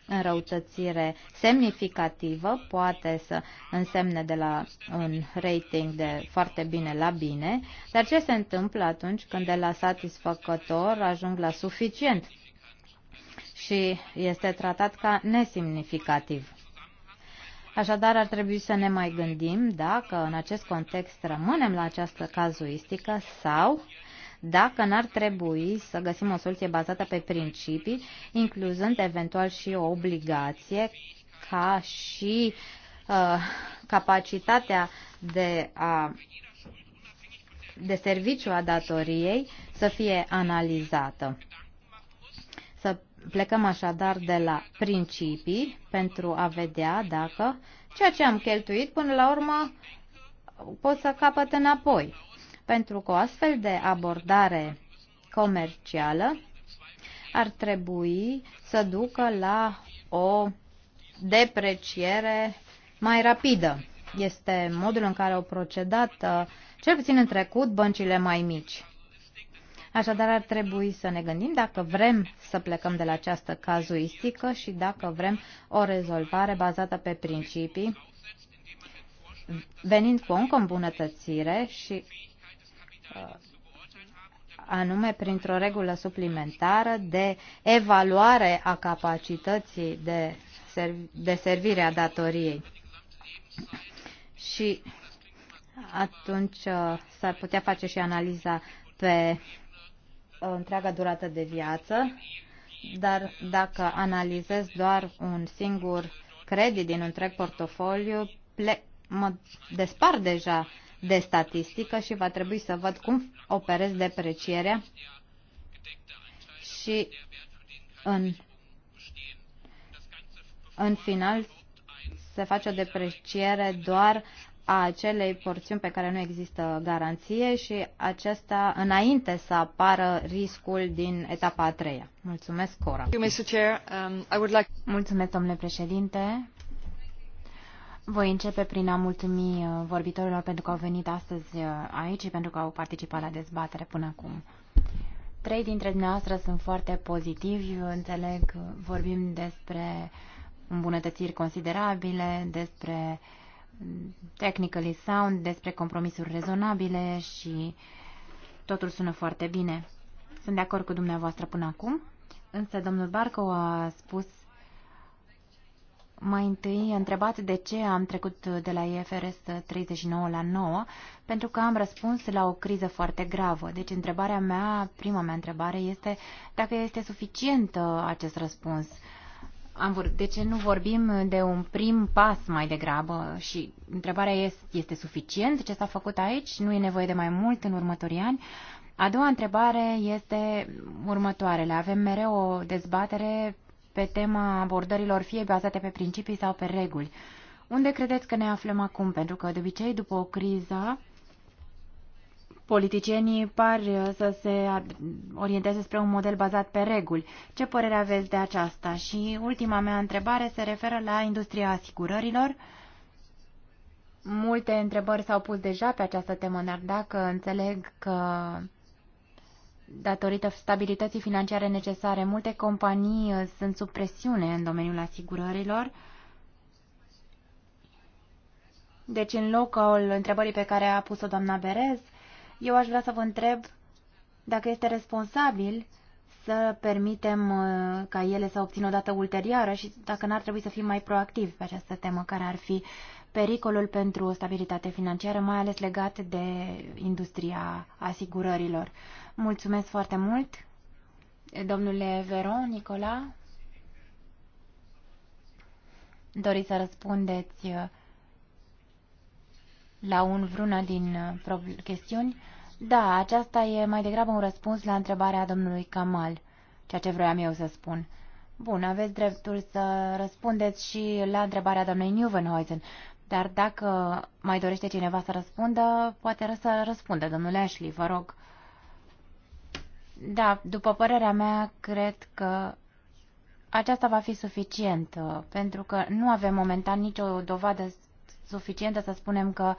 înrăutățire semnificativă poate să însemne de la un rating de foarte bine la bine, dar ce se întâmplă atunci când de la satisfăcător ajung la suficient și este tratat ca nesemnificativ? Așadar, ar trebui să ne mai gândim dacă în acest context rămânem la această cazuistică sau dacă n-ar trebui să găsim o soluție bazată pe principii, incluzând eventual și o obligație ca și uh, capacitatea de a de serviciu a datoriei să fie analizată. Să plecăm așadar de la principii pentru a vedea dacă ceea ce am cheltuit până la urmă pot să capăt înapoi pentru că o astfel de abordare comercială ar trebui să ducă la o depreciere mai rapidă. Este modul în care au procedat, uh, cel puțin în trecut, băncile mai mici. Așadar, ar trebui să ne gândim dacă vrem să plecăm de la această cazuistică și dacă vrem o rezolvare bazată pe principii, venind cu o îmbunătățire și anume printr-o regulă suplimentară de evaluare a capacității de, serv- de servire a datoriei. Și atunci uh, s-ar putea face și analiza pe uh, întreaga durată de viață, dar dacă analizez doar un singur credit din întreg portofoliu, ple- mă despar deja de statistică și va trebui să văd cum operez deprecierea și în, în final se face o depreciere doar a acelei porțiuni pe care nu există garanție și aceasta înainte să apară riscul din etapa a treia. Mulțumesc, Cora. Um, Mulțumesc, domnule președinte. Voi începe prin a mulțumi uh, vorbitorilor pentru că au venit astăzi uh, aici și pentru că au participat la dezbatere până acum. Trei dintre dumneavoastră sunt foarte pozitivi, înțeleg, vorbim despre îmbunătățiri considerabile, despre technically sound, despre compromisuri rezonabile și totul sună foarte bine. Sunt de acord cu dumneavoastră până acum, însă domnul Barco a spus mai întâi, întrebat de ce am trecut de la IFRS 39 la 9, pentru că am răspuns la o criză foarte gravă. Deci, întrebarea mea, prima mea întrebare este dacă este suficient acest răspuns. Am vor... De ce nu vorbim de un prim pas mai degrabă? Și întrebarea este, este suficient ce s-a făcut aici? Nu e nevoie de mai mult în următorii ani? A doua întrebare este următoarele. Avem mereu o dezbatere pe tema abordărilor fie bazate pe principii sau pe reguli. Unde credeți că ne aflăm acum? Pentru că, de obicei, după o criză, politicienii par să se orienteze spre un model bazat pe reguli. Ce părere aveți de aceasta? Și ultima mea întrebare se referă la industria asigurărilor. Multe întrebări s-au pus deja pe această temă, dar dacă înțeleg că datorită stabilității financiare necesare. Multe companii uh, sunt sub presiune în domeniul asigurărilor. Deci, în locul întrebării pe care a pus-o doamna Berez, eu aș vrea să vă întreb dacă este responsabil să permitem uh, ca ele să obțină o dată ulterioară și dacă n-ar trebui să fim mai proactivi pe această temă, care ar fi pericolul pentru o stabilitate financiară, mai ales legat de industria asigurărilor. Mulțumesc foarte mult, domnule Veron, Nicola. Doriți să răspundeți uh, la un vruna din uh, chestiuni? Da, aceasta e mai degrabă un răspuns la întrebarea domnului Kamal, ceea ce vroiam eu să spun. Bun, aveți dreptul să răspundeți și la întrebarea doamnei Newenhuizen, dar dacă mai dorește cineva să răspundă, poate să răspundă, domnule Ashley, vă rog. Da, după părerea mea, cred că aceasta va fi suficientă, uh, pentru că nu avem momentan nicio dovadă suficientă să spunem că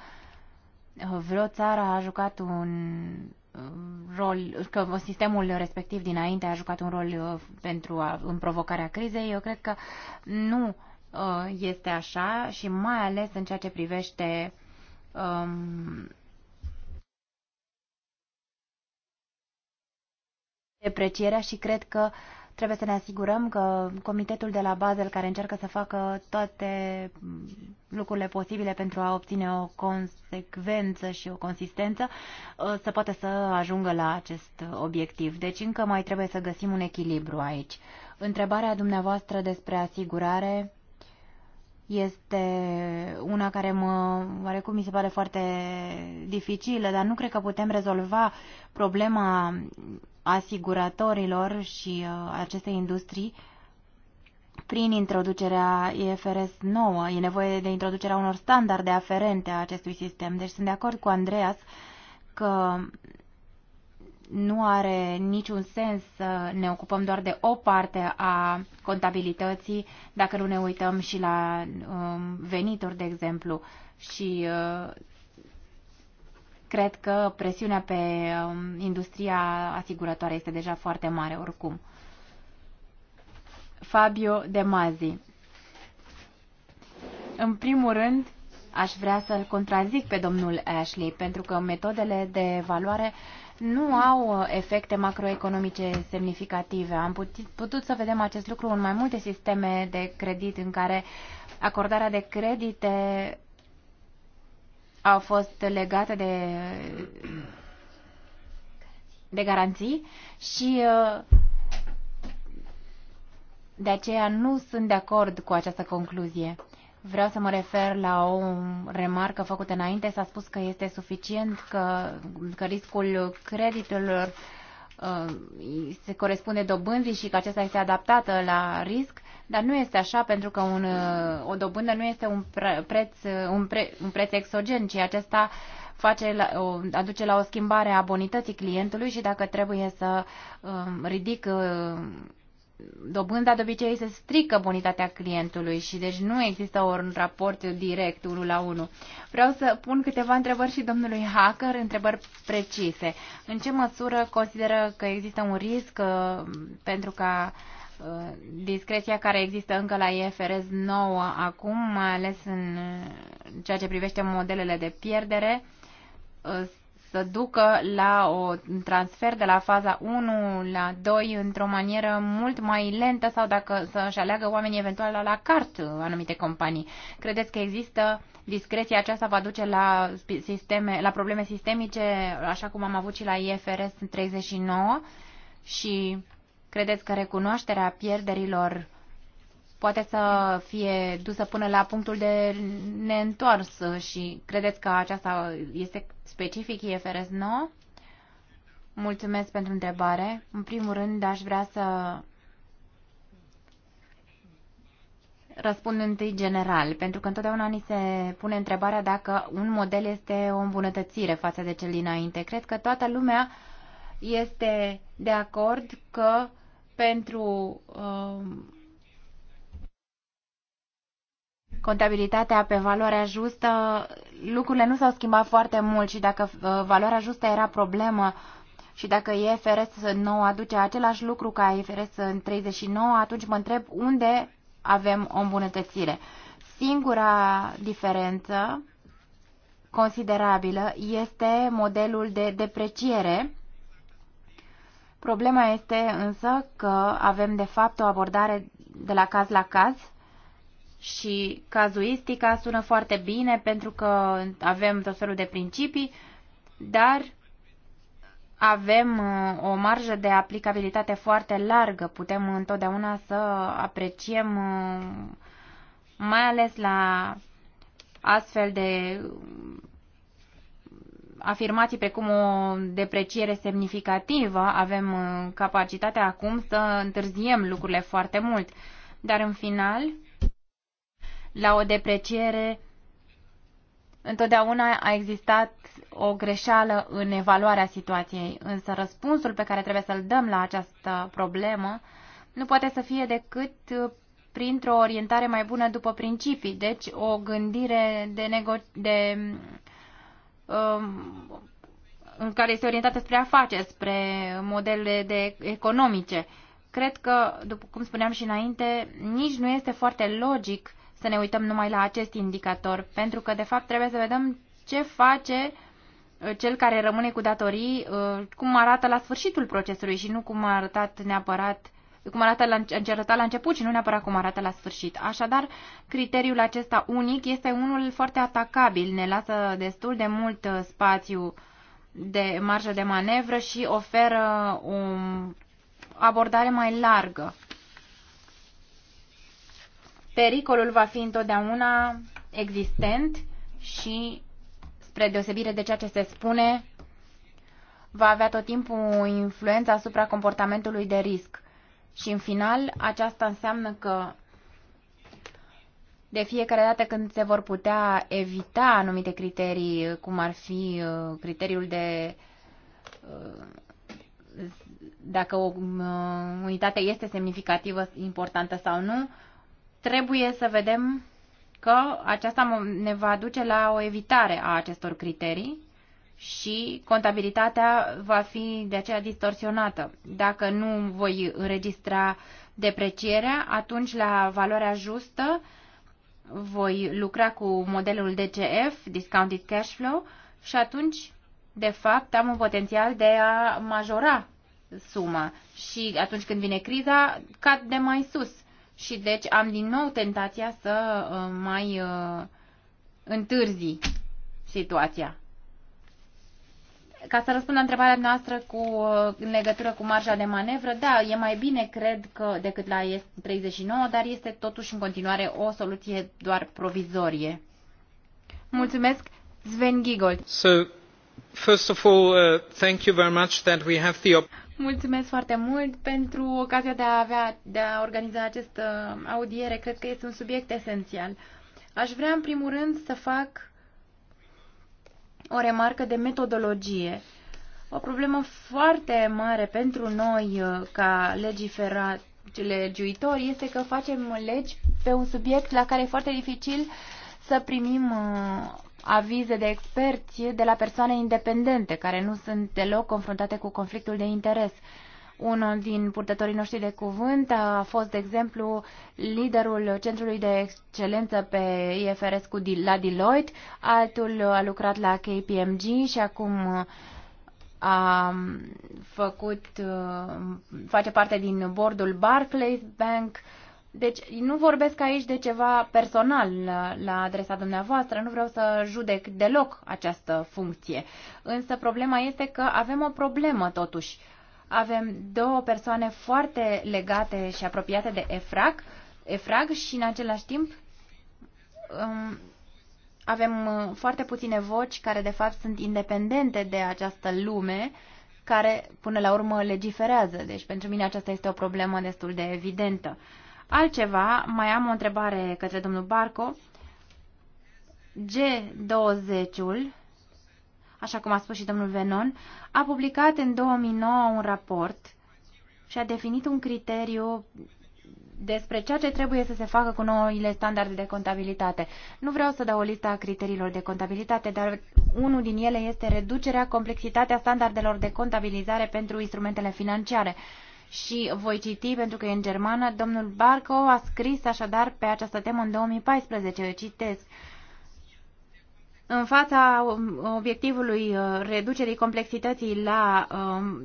uh, vreo țară a jucat un uh, rol, că sistemul respectiv dinainte a jucat un rol pentru a, în provocarea crizei. Eu cred că nu este așa și mai ales în ceea ce privește um, deprecierea și cred că trebuie să ne asigurăm că comitetul de la Basel, care încearcă să facă toate mm, lucrurile posibile pentru a obține o consecvență și o consistență, uh, să poată să ajungă la acest obiectiv. Deci încă mai trebuie să găsim un echilibru aici. Întrebarea dumneavoastră despre asigurare este una care mă, oarecum mi se pare foarte dificilă, dar nu cred că putem rezolva problema asiguratorilor și uh, acestei industrii prin introducerea IFRS 9. E nevoie de introducerea unor standarde aferente a acestui sistem. Deci sunt de acord cu Andreas că nu are niciun sens să ne ocupăm doar de o parte a contabilității dacă nu ne uităm și la um, venituri, de exemplu, și uh, cred că presiunea pe um, industria asigurătoare este deja foarte mare oricum. Fabio De Mazi. În primul rând, aș vrea să-l contrazic pe domnul Ashley, pentru că metodele de valoare nu au efecte macroeconomice semnificative. Am putut, putut să vedem acest lucru în mai multe sisteme de credit în care acordarea de credite au fost legate de, de garanții și uh, de aceea nu sunt de acord cu această concluzie. Vreau să mă refer la o remarcă făcută înainte. S-a spus că este suficient că, că riscul creditelor uh, se corespunde dobânzii și că acesta este adaptată la risc dar nu este așa pentru că un, uh, o dobândă nu este un preț, uh, un, pre, un preț exogen, ci acesta face la, o, aduce la o schimbare a bonității clientului și dacă trebuie să um, ridic uh, dobânda, de obicei se strică bonitatea clientului și deci nu există un raport direct unul la unul. Vreau să pun câteva întrebări și domnului Hacker, întrebări precise. În ce măsură consideră că există un risc uh, pentru ca uh, discreția care există încă la IFRS 9 acum, mai ales în ceea ce privește modelele de pierdere, uh, să ducă la o transfer de la faza 1 la 2 într-o manieră mult mai lentă sau dacă să-și aleagă oamenii eventual la, la cart anumite companii. Credeți că există discreția aceasta va duce la, sisteme, la probleme sistemice, așa cum am avut și la IFRS 39 și Credeți că recunoașterea pierderilor poate să fie dusă până la punctul de neîntors și credeți că aceasta este specific IFRS 9? Mulțumesc pentru întrebare. În primul rând, aș vrea să răspund întâi general, pentru că întotdeauna ni se pune întrebarea dacă un model este o îmbunătățire față de cel dinainte. Cred că toată lumea este de acord că uh, pentru um, contabilitatea pe valoarea justă, lucrurile nu s-au schimbat foarte mult și dacă uh, valoarea justă era problemă și dacă IFRS 9 aduce același lucru ca IFRS 39, atunci mă întreb unde avem o îmbunătățire. Singura diferență considerabilă este modelul de depreciere Problema este însă că avem de fapt o abordare de la caz la caz și cazuistica sună foarte bine pentru că avem tot felul de principii, dar avem uh, o marjă de aplicabilitate foarte largă. Putem întotdeauna să apreciem, uh, mai ales la astfel de afirmații precum o depreciere semnificativă, avem uh, capacitatea acum să întârziem lucrurile foarte mult. Dar în final, la o depreciere, întotdeauna a existat o greșeală în evaluarea situației. Însă răspunsul pe care trebuie să-l dăm la această problemă nu poate să fie decât uh, printr-o orientare mai bună după principii, deci o gândire de, nego- de um, care este orientată spre afaceri, spre modele de economice. Cred că, după cum spuneam și înainte, nici nu este foarte logic să ne uităm numai la acest indicator, pentru că, de fapt, trebuie să vedem ce face uh, cel care rămâne cu datorii, uh, cum arată la sfârșitul procesului și nu cum a arătat neapărat cum arată la, arăta la început și nu neapărat cum arată la sfârșit. Așadar, criteriul acesta unic este unul foarte atacabil, ne lasă destul de mult uh, spațiu de marjă de manevră și oferă o abordare mai largă. Pericolul va fi întotdeauna existent și, spre deosebire de ceea ce se spune, va avea tot timpul influența asupra comportamentului de risc. Și în final, aceasta înseamnă că de fiecare dată când se vor putea evita anumite criterii, cum ar fi uh, criteriul de uh, dacă o uh, unitate este semnificativă, importantă sau nu, trebuie să vedem că aceasta ne va duce la o evitare a acestor criterii și contabilitatea va fi de aceea distorsionată. Dacă nu voi înregistra deprecierea, atunci la valoarea justă voi lucra cu modelul DCF, Discounted Cash Flow, și atunci, de fapt, am un potențial de a majora suma. Și atunci când vine criza, cad de mai sus. Și deci am din nou tentația să uh, mai uh, întârzi situația ca să răspund la întrebarea noastră cu, în legătură cu marja de manevră, da, e mai bine, cred, că decât la IS 39 dar este totuși în continuare o soluție doar provizorie. Mulțumesc, Sven Giegold. So, first of all, uh, thank you very much that we have the Mulțumesc foarte mult pentru ocazia de a, avea, de a organiza această audiere. Cred că este un subiect esențial. Aș vrea, în primul rând, să fac o remarcă de metodologie. O problemă foarte mare pentru noi uh, ca legiferat legiuitori este că facem legi pe un subiect la care e foarte dificil să primim uh, avize de experți de la persoane independente care nu sunt deloc confruntate cu conflictul de interes. Unul din purtătorii noștri de cuvânt a fost, de exemplu, liderul Centrului de Excelență pe IFRS cu, la Deloitte, altul a lucrat la KPMG și acum uh, a um, făcut, uh, face parte din bordul Barclays Bank. Deci nu vorbesc aici de ceva personal la, la adresa dumneavoastră, nu vreau să judec deloc această funcție. Însă problema este că avem o problemă totuși. Uh, avem două persoane foarte legate și apropiate de EFRAG, EFRAG și în același timp um, avem uh, foarte puține voci care de fapt sunt independente de această lume care până la urmă legiferează. Deci pentru mine aceasta este o problemă destul de evidentă. Altceva, mai am o întrebare către domnul Barco. G20-ul așa cum a spus și domnul Venon, a publicat în 2009 un raport și a definit un criteriu despre ceea ce trebuie să se facă cu noile standarde de contabilitate. Nu vreau să dau o listă a criteriilor de contabilitate, dar unul din ele este reducerea complexității standardelor de contabilizare pentru instrumentele financiare. Și voi citi, pentru că e în germană, domnul Barco a scris așadar pe această temă în 2014, eu citesc. În fața obiectivului uh, reducerii complexității la um,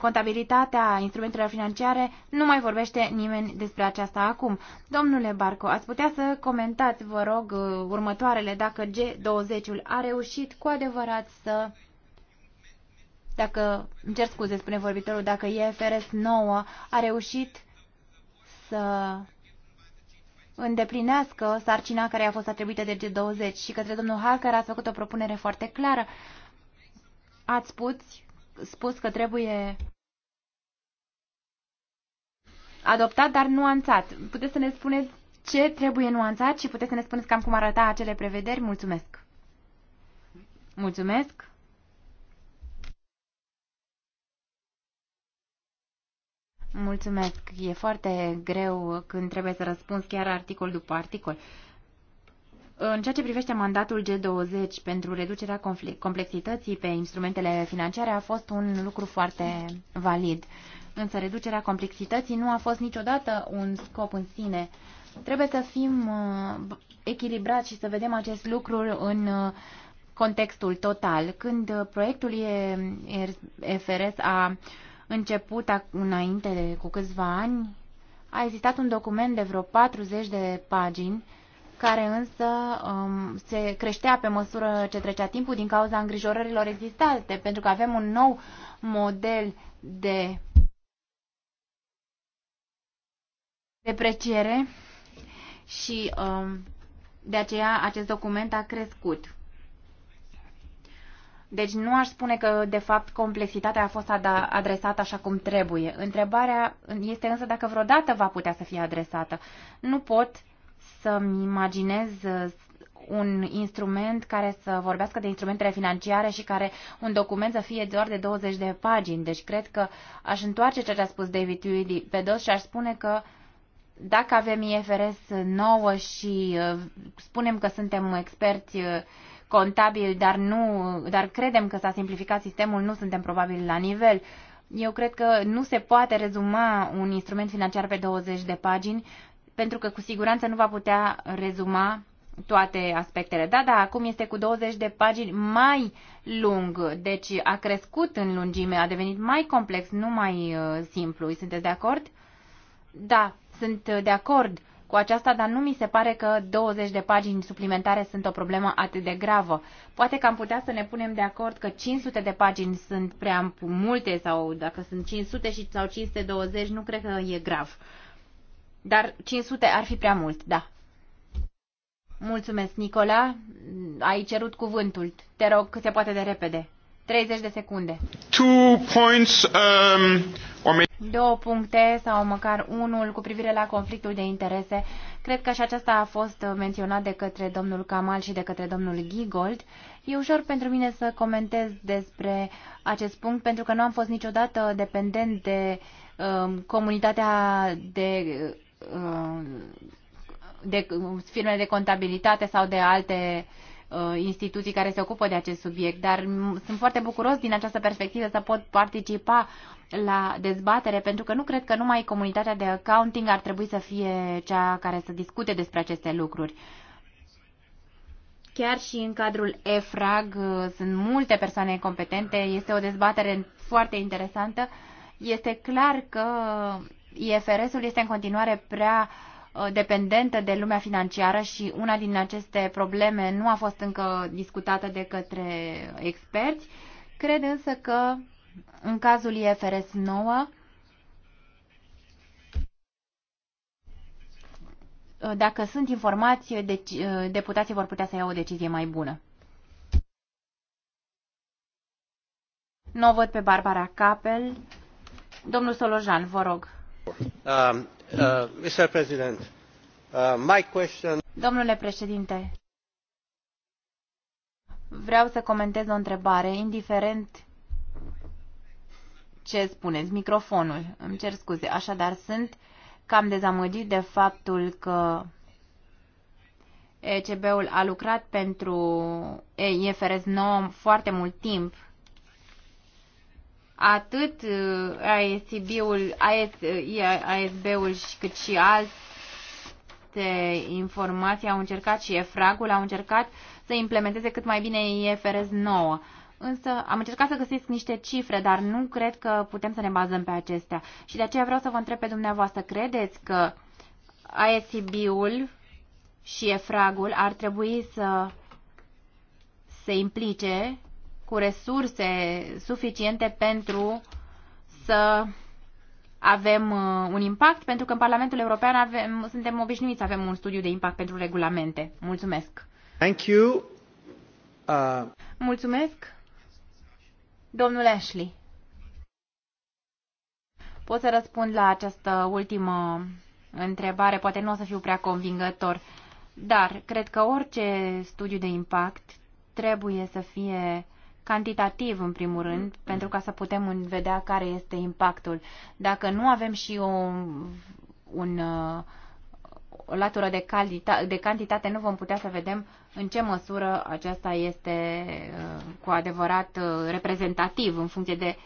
contabilitatea instrumentelor financiare, nu mai vorbește nimeni despre aceasta acum. Domnule Barco, ați putea să comentați, vă rog, uh, următoarele, dacă G20-ul a reușit cu adevărat să dacă, îmi cer scuze, spune vorbitorul, dacă EFRS 9 a reușit să îndeplinească sarcina care a fost atribuită de G20 și către domnul Hacker ați făcut o propunere foarte clară. Ați spus, spus că trebuie adoptat, dar nuanțat. Puteți să ne spuneți ce trebuie nuanțat și puteți să ne spuneți cam cum arăta acele prevederi? Mulțumesc! Mulțumesc! Mulțumesc. E foarte greu când trebuie să răspunzi chiar articol după articol. În ceea ce privește mandatul G20 pentru reducerea complexității pe instrumentele financiare a fost un lucru foarte valid. Însă reducerea complexității nu a fost niciodată un scop în sine. Trebuie să fim uh, echilibrați și să vedem acest lucru în uh, contextul total. Când proiectul EFRS a început, înainte de, cu câțiva ani, a existat un document de vreo 40 de pagini, care însă um, se creștea pe măsură ce trecea timpul din cauza îngrijorărilor existate, pentru că avem un nou model de depreciere și um, de aceea acest document a crescut. Deci nu aș spune că, de fapt, complexitatea a fost adresată așa cum trebuie. Întrebarea este însă dacă vreodată va putea să fie adresată. Nu pot să-mi imaginez uh, un instrument care să vorbească de instrumentele financiare și care un document să fie doar de 20 de pagini. Deci cred că aș întoarce ceea ce a spus David Tweedy pe dos și aș spune că dacă avem IFRS 9 și uh, spunem că suntem experți uh, contabil, dar, nu, dar credem că s-a simplificat sistemul, nu suntem probabil la nivel. Eu cred că nu se poate rezuma un instrument financiar pe 20 de pagini, pentru că cu siguranță nu va putea rezuma toate aspectele. Da, da, acum este cu 20 de pagini mai lung, deci a crescut în lungime, a devenit mai complex, nu mai uh, simplu. Sunteți de acord? Da, sunt de acord cu aceasta, dar nu mi se pare că 20 de pagini suplimentare sunt o problemă atât de gravă. Poate că am putea să ne punem de acord că 500 de pagini sunt prea multe sau dacă sunt 500 și, sau 520, nu cred că e grav. Dar 500 ar fi prea mult, da. Mulțumesc, Nicola. Ai cerut cuvântul. Te rog, cât se poate de repede. 30 de secunde. Two points, um, or... Două puncte sau măcar unul cu privire la conflictul de interese. Cred că și aceasta a fost menționat de către domnul Kamal și de către domnul Gigold. E ușor pentru mine să comentez despre acest punct pentru că nu am fost niciodată dependent de um, comunitatea de um, de firme de contabilitate sau de alte uh, Uh, instituții care se ocupă de acest subiect, dar sunt foarte bucuros din această perspectivă să pot participa la dezbatere, pentru că nu cred că numai comunitatea de accounting ar trebui să fie cea care să discute despre aceste lucruri. Chiar și în cadrul EFRAG uh, sunt multe persoane competente, este o dezbatere foarte interesantă. Este clar că IFRS-ul este în continuare prea uh, Uh, dependentă de lumea financiară și una din aceste probleme nu a fost încă discutată de către experți. Cred însă că în cazul IFRS 9 uh, dacă sunt informați, deci, uh, deputații vor putea să iau o decizie mai bună. Nu o văd pe Barbara Capel. Domnul Solojan, vă rog. Um, uh, uh, Domnule președinte, vreau să comentez o întrebare, indiferent ce spuneți, microfonul, îmi cer scuze. Așadar, sunt cam dezamăgit de faptul că ECB-ul a lucrat pentru EFRS nouă foarte mult timp atât uh, ASB-ul, ASB-ul cât și alte informații au încercat și EFRAG-ul au încercat să implementeze cât mai bine IFRS 9. Însă am încercat să găsesc niște cifre, dar nu cred că putem să ne bazăm pe acestea. Și de aceea vreau să vă întreb pe dumneavoastră, credeți că ASB-ul și EFRAG-ul ar trebui să se implice cu resurse suficiente pentru să avem uh, un impact, pentru că în Parlamentul European avem, suntem obișnuiți să avem un studiu de impact pentru regulamente. Mulțumesc! Thank you. Uh... Mulțumesc! Domnule Ashley, pot să răspund la această ultimă întrebare, poate nu o să fiu prea convingător, dar cred că orice studiu de impact trebuie să fie cantitativ în primul rând, pentru ca să putem vedea care este impactul. Dacă nu avem și o, un, uh, o latură de, calita, de cantitate, nu vom putea să vedem în ce măsură aceasta este uh, cu adevărat uh, reprezentativ în funcție de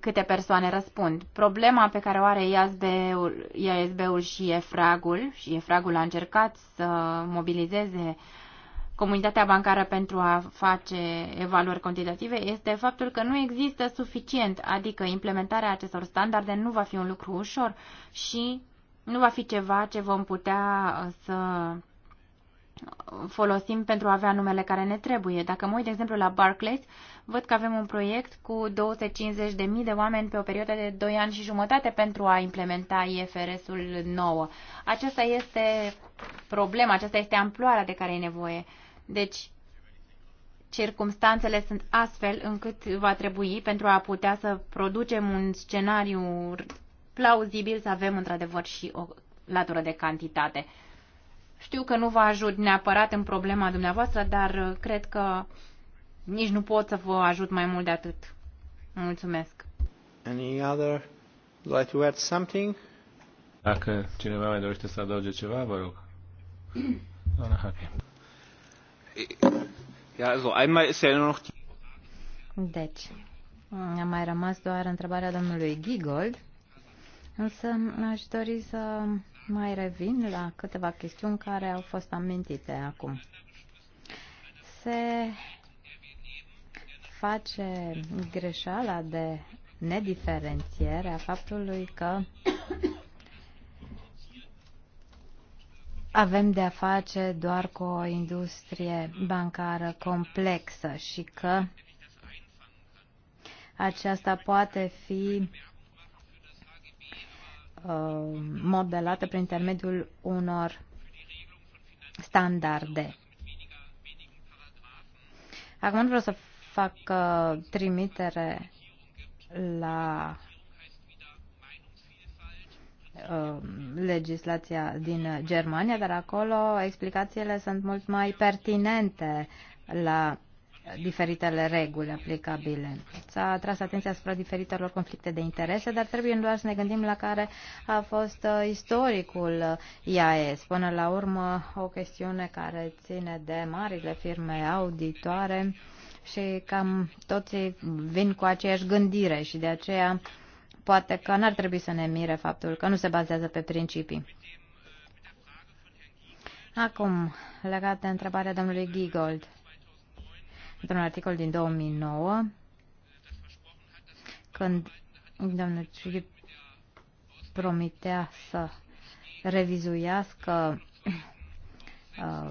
câte persoane răspund. Problema pe care o are IASB-ul, IASB-ul și EFRAG-ul, și EFRAG-ul a încercat să mobilizeze uh, comunitatea bancară pentru a face evaluări cantitative este faptul că nu există suficient, adică implementarea acestor standarde nu va fi un lucru ușor și nu va fi ceva ce vom putea uh, să folosim pentru a avea numele care ne trebuie. Dacă mă uit, de exemplu, la Barclays, văd că avem un proiect cu 250.000 de oameni pe o perioadă de 2 ani și jumătate pentru a implementa IFRS-ul 9. Aceasta este problema, aceasta este amploarea de care e nevoie. Deci, circumstanțele sunt astfel încât va trebui pentru a putea să producem un scenariu plauzibil să avem într-adevăr și o latură de cantitate. Știu că nu vă ajut neapărat în problema dumneavoastră, dar uh, cred că nici nu pot să vă ajut mai mult de atât. Mulțumesc. Any other like to add something? Dacă cineva mai dorește să adauge ceva, vă rog. Doamna Okay. Deci, a mai rămas doar întrebarea domnului Gigold, însă aș dori să mai revin la câteva chestiuni care au fost amintite acum. Se face greșeala de nediferențiere a faptului că avem de a face doar cu o industrie bancară complexă și că aceasta poate fi uh, modelată prin intermediul unor standarde. Acum nu vreau să fac uh, trimitere la Um, legislația din Germania, dar acolo explicațiile sunt mult mai pertinente la diferitele reguli aplicabile. S-a atras atenția asupra diferitelor conflicte de interese, dar trebuie doar să ne gândim la care a fost uh, istoricul IAS. Până la urmă, o chestiune care ține de marile firme auditoare și cam toți vin cu aceeași gândire și de aceea poate că n-ar trebui să ne mire faptul că nu se bazează pe principii. Acum, legat de întrebarea domnului Giegold, într-un articol din 2009, când domnul Cighi promitea să revizuiască uh,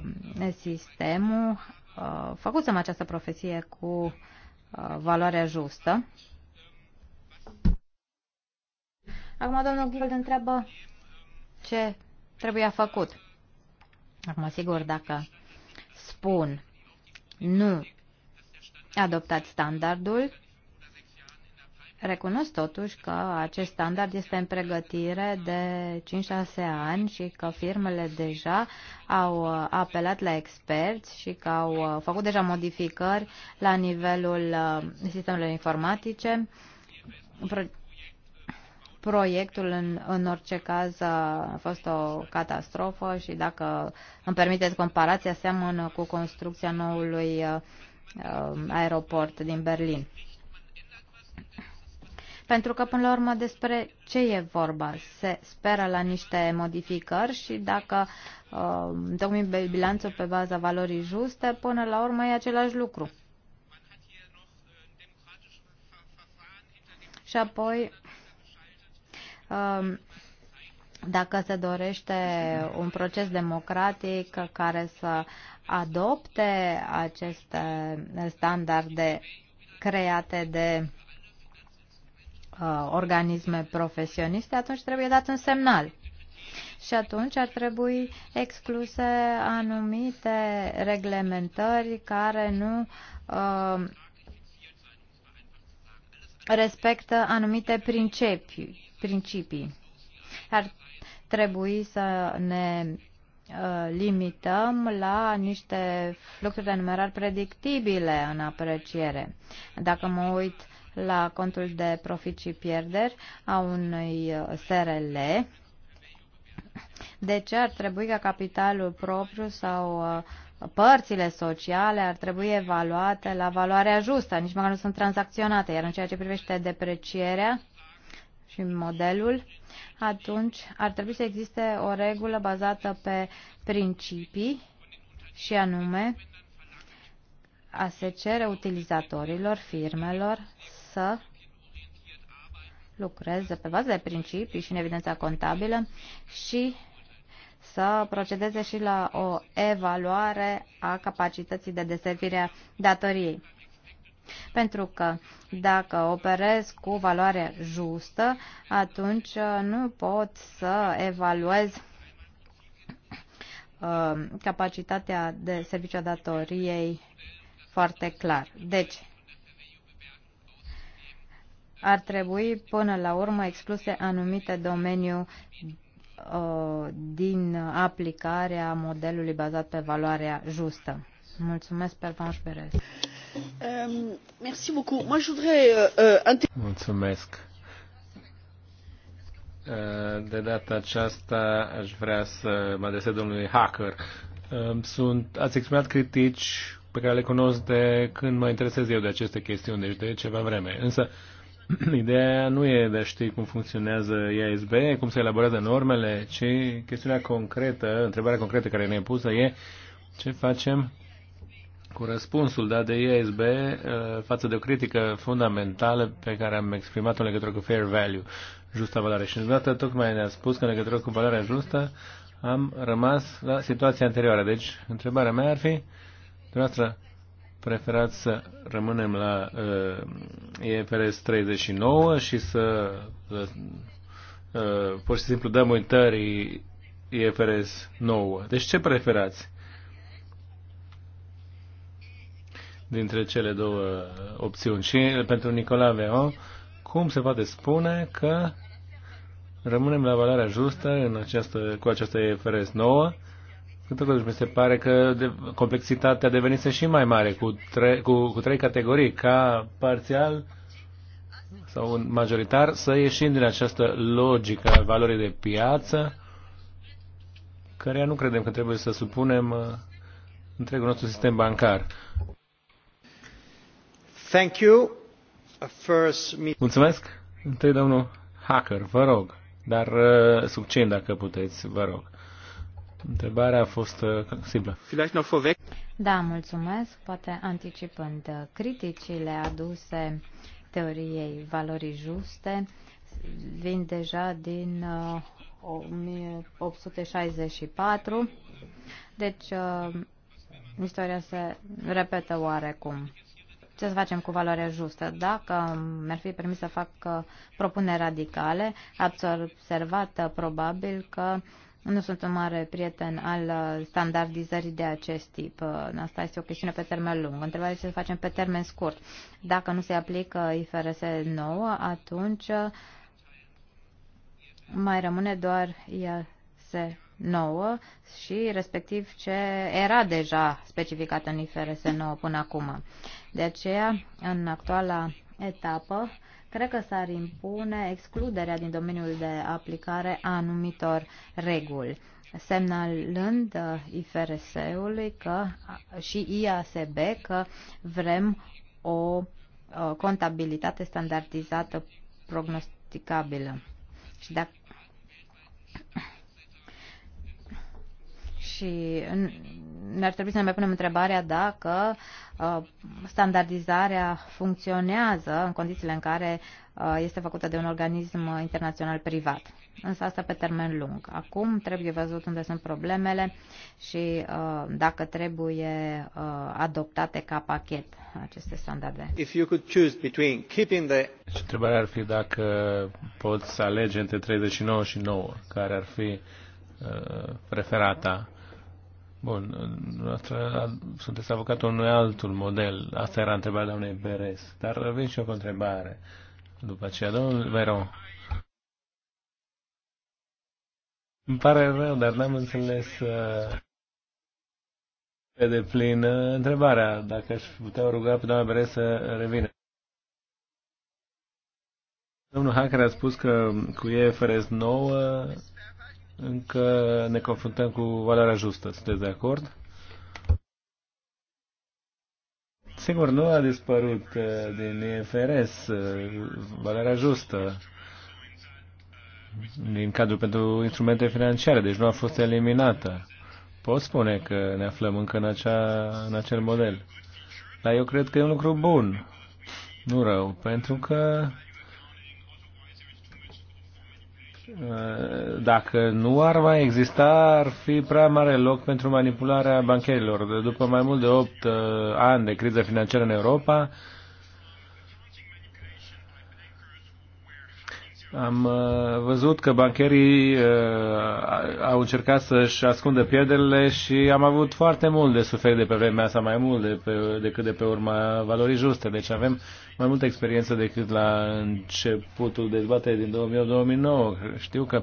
sistemul, uh, făcusem această profesie cu uh, valoarea justă Acum domnul Ghild întreabă ce trebuia făcut. Acum, sigur, dacă spun nu adoptat standardul, recunosc totuși că acest standard este în pregătire de 5-6 ani și că firmele deja au apelat la experți și că au făcut deja modificări la nivelul uh, sistemelor informatice proiectul în, în orice caz a fost o catastrofă și dacă îmi permiteți comparația, seamănă cu construcția noului uh, uh, aeroport din Berlin. Pentru că, până la urmă, despre ce e vorba? Se speră la niște modificări și dacă uh, domnim bilanțul pe baza valorii juste, până la urmă e același lucru. Și apoi Um, dacă se dorește un proces democratic care să adopte aceste standarde create de uh, organisme profesioniste, atunci trebuie dat un semnal. Și atunci ar trebui excluse anumite reglementări care nu uh, respectă anumite principii principii. Ar trebui să ne uh, limităm la niște fluxuri de numerar predictibile în apreciere. Dacă mă uit la contul de profit și pierderi a unui SRL, de ce ar trebui ca capitalul propriu sau uh, părțile sociale ar trebui evaluate la valoarea justă, nici măcar nu sunt tranzacționate, iar în ceea ce privește deprecierea, și modelul, atunci ar trebui să existe o regulă bazată pe principii și anume a se cere utilizatorilor, firmelor să lucreze pe bază de principii și în evidența contabilă și să procedeze și la o evaluare a capacității de deservire a datoriei. Pentru că dacă operez cu valoare justă, atunci uh, nu pot să evaluez uh, capacitatea de serviciu a datoriei foarte clar. Deci, ar trebui până la urmă excluse anumite domeniu uh, din aplicarea modelului bazat pe valoarea justă. Mulțumesc, Pervanș Berez. Ehm, euh, euh, Mulțumesc. Eh, de data aceasta aș vrea să mă adresez domnului Hacker. Ehm, sunt, ați exprimat critici pe care le cunosc de când mă interesez eu de aceste chestiuni, deci de ceva vreme. Însă, ideea nu e de a ști cum funcționează IASB, cum se elaborează normele, ci chestiunea concretă, întrebarea concretă care ne-e pusă e ce facem cu răspunsul dat de ISB uh, față de o critică fundamentală pe care am exprimat-o în legătură cu fair value, justa valoare. Și îndată tocmai ne-a spus că în legătură cu valoarea justă am rămas la situația anterioară. Deci, întrebarea mea ar fi, dumneavoastră, preferați să rămânem la uh, EFRS 39 și să uh, uh, pur și simplu dăm uitării EFRS 9. Deci ce preferați? dintre cele două opțiuni. Și pentru Nicola Veo, cum se poate spune că rămânem la valoarea justă în această, cu această EFRS nouă, pentru că mi se pare că de, complexitatea devenise și mai mare cu, tre, cu, cu trei categorii, ca parțial sau un majoritar, să ieșim din această logică a valorii de piață, care nu credem că trebuie să supunem uh, întregul nostru sistem bancar. Thank you. First... Mulțumesc. Întâi domnul Hacker, vă rog, dar uh, succint dacă puteți, vă rog. Întrebarea a fost uh, simplă. Da, mulțumesc. Poate anticipând uh, criticile aduse teoriei valorii juste, vin deja din uh, 1864, deci uh, istoria se repetă oarecum ce să facem cu valoarea justă. Dacă mi-ar fi permis să fac uh, propuneri radicale, ați observat uh, probabil că nu sunt un mare prieten al uh, standardizării de acest tip. Asta este o chestiune pe termen lung. Întrebarea este să facem pe termen scurt. Dacă nu se aplică IFRS 9, atunci mai rămâne doar IAS 9 și respectiv ce era deja specificat în IFRS 9 până acum. De aceea, în actuala etapă, cred că s-ar impune excluderea din domeniul de aplicare a anumitor reguli semnalând uh, IFRS-ului că, uh, și IASB că vrem o uh, contabilitate standardizată prognosticabilă. Și dacă și ar trebui să ne mai punem întrebarea dacă uh, standardizarea funcționează în condițiile în care uh, este făcută de un organism internațional privat. Însă asta pe termen lung. Acum trebuie văzut unde sunt problemele și uh, dacă trebuie adoptate ca pachet aceste standarde. If you could choose between keeping the... Și deci întrebarea ar fi dacă poți să alege între 39 și 9, care ar fi preferata. Uh, Bun, noastră sunteți avocatul unui altul model. Asta era întrebarea unei BRS. Dar vin și o întrebare. După aceea, domnul Vero. Îmi pare rău, dar n-am înțeles uh, pe deplin uh, întrebarea. Dacă aș putea ruga pe doamna BRS să revină. Domnul Hacker a spus că cu EFRS 9 încă ne confruntăm cu valoarea justă. Sunteți de acord? Sigur, nu a dispărut uh, din IFRS uh, valoarea justă din cadrul pentru instrumente financiare, deci nu a fost eliminată. Pot spune că ne aflăm încă în, acea, în acel model. Dar eu cred că e un lucru bun, nu rău, pentru că dacă nu ar mai exista, ar fi prea mare loc pentru manipularea bancherilor. După mai mult de 8 uh, ani de criză financiară în Europa, Am uh, văzut că bancherii uh, au încercat să-și ascundă pierderile și am avut foarte mult de suferit de pe vremea asta, mai mult de pe, decât de pe urma valorii juste. Deci avem mai multă experiență decât la începutul dezbaterii din 2008-2009. Știu că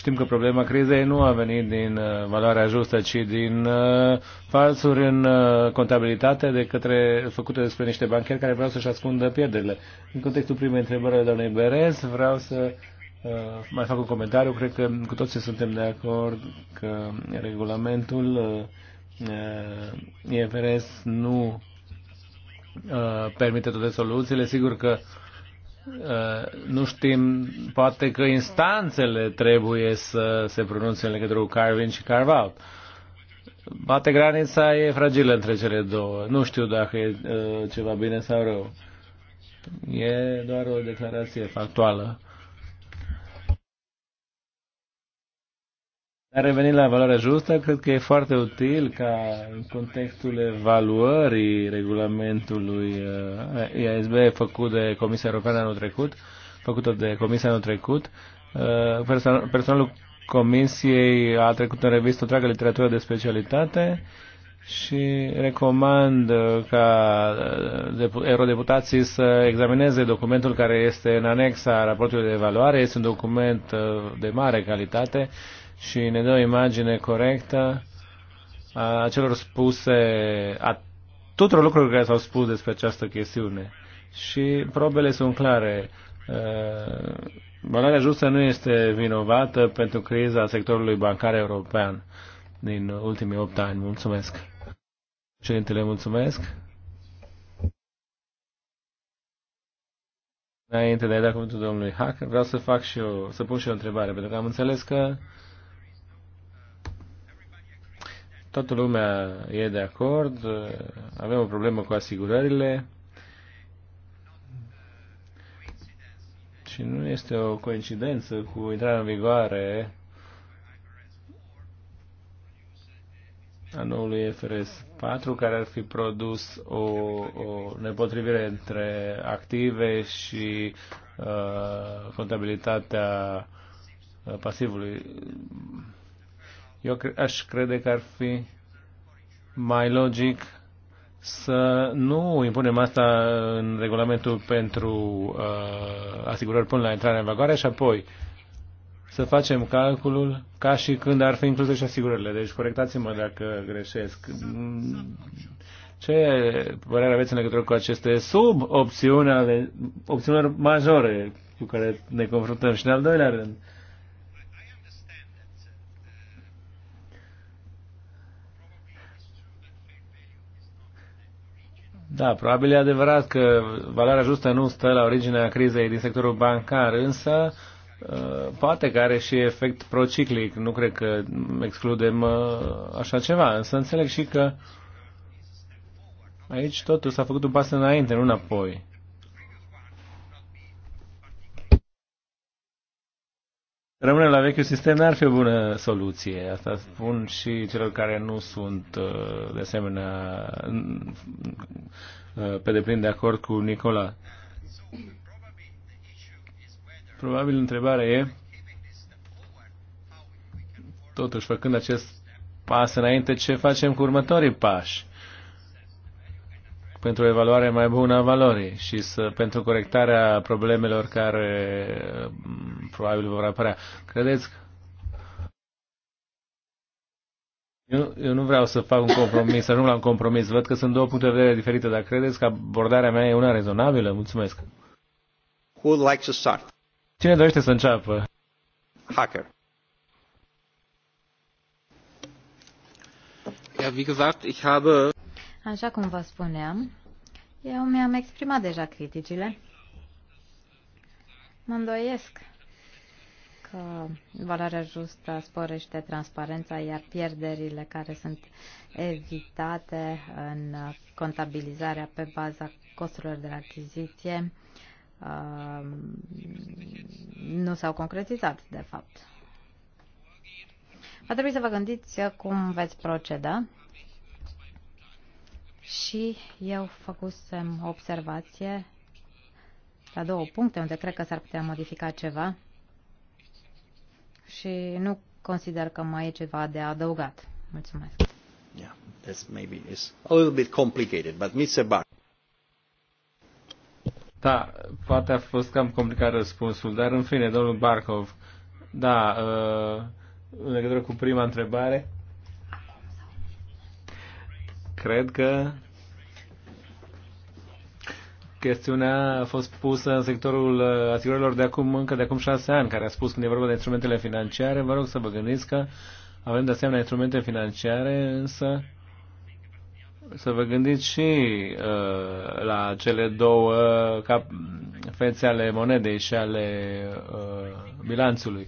Știm că problema crizei nu a venit din uh, valoarea justă, ci din uh, falsuri în uh, contabilitate de către, făcute despre niște bancheri care vreau să-și ascundă pierderile. În contextul primei întrebări ale doamnei Berez, vreau să Uh, mai fac un comentariu, cred că cu toții suntem de acord că regulamentul uh, IFRS nu uh, permite toate soluțiile. Sigur că Uh, nu știm, poate că instanțele trebuie să se pronunțe în legătură cu Carvin și Carval. Poate granița e fragilă între cele două. Nu știu dacă e uh, ceva bine sau rău. E doar o declarație factuală. Dar revenind la valoarea justă, cred că e foarte util ca în contextul evaluării regulamentului uh, IASB făcut de Comisia Europeană anul trecut, făcută de Comisia anul trecut, uh, personalul Comisiei a trecut în revistă întreaga literatură de specialitate și recomand uh, ca eurodeputații să examineze documentul care este în anexa raportului de evaluare. Este un document de mare calitate și ne dă o imagine corectă a celor spuse, a tuturor lucrurilor care s-au spus despre această chestiune. Și probele sunt clare. Uh, valoarea justă nu este vinovată pentru criza sectorului bancar european din ultimii opt ani. Mulțumesc. Cerintele, mulțumesc. Înainte de a da cuvântul domnului Hack, vreau să fac și eu, să pun și o întrebare, pentru că am înțeles că toată lumea e de acord, avem o problemă cu asigurările și nu este o coincidență cu intrarea în vigoare a noului FRS 4, care ar fi produs o, o nepotrivire între active și uh, contabilitatea uh, pasivului eu aș crede că ar fi mai logic să nu impunem asta în regulamentul pentru uh, asigurări până la intrarea în vagoare și apoi să facem calculul ca și când ar fi incluse și asigurările. Deci corectați-mă dacă greșesc. Ce părere aveți în legătură cu aceste sub-opțiuni ale opțiunilor majore cu care ne confruntăm? Și în al doilea rând, uh, Da, probabil e adevărat că valoarea justă nu stă la originea crizei din sectorul bancar, însă uh, poate că are și efect prociclic. Nu cred că excludem uh, așa ceva, însă înțeleg și că aici totul s-a făcut un pas înainte, nu înapoi. Rămâne la vechiul sistem n-ar fi o bună soluție. Asta spun și celor care nu sunt uh, de asemenea uh, pe deplin de acord cu Nicola. Probabil întrebarea e, totuși făcând acest pas înainte, ce facem cu următorii pași? pentru evaluare mai bună a valorii și să, pentru corectarea problemelor care mm, probabil vor apărea. Credeți? Eu, eu nu vreau să fac un compromis, să nu la un compromis. Văd că sunt două puncte de vedere diferite, dar credeți că abordarea mea e una rezonabilă? Mulțumesc. Who would like to start? Cine dorește să înceapă? Hacker. Ja, wie gesagt, ich habe Așa cum vă spuneam, eu mi-am exprimat deja criticile. Mă îndoiesc că valoarea justă sporește transparența, iar pierderile care sunt evitate în contabilizarea pe baza costurilor de achiziție uh, nu s-au concretizat, de fapt. Va trebui să vă gândiți cum veți proceda și eu făcusem o observație la două puncte unde cred că s-ar putea modifica ceva și nu consider că mai e ceva de adăugat. Mulțumesc. Yeah, that's maybe is a little bit complicated, but Mr. Bar. Da, poate a fost cam complicat răspunsul, dar în fine, domnul Barkov, da, uh, în legătură cu prima întrebare, cred că chestiunea a fost pusă în sectorul uh, asigurărilor de acum, încă de acum șase ani, care a spus când e vorba de instrumentele financiare, vă rog să vă gândiți că avem de asemenea instrumente financiare, însă să vă gândiți și uh, la cele două cap- fețe ale monedei și ale uh, bilanțului.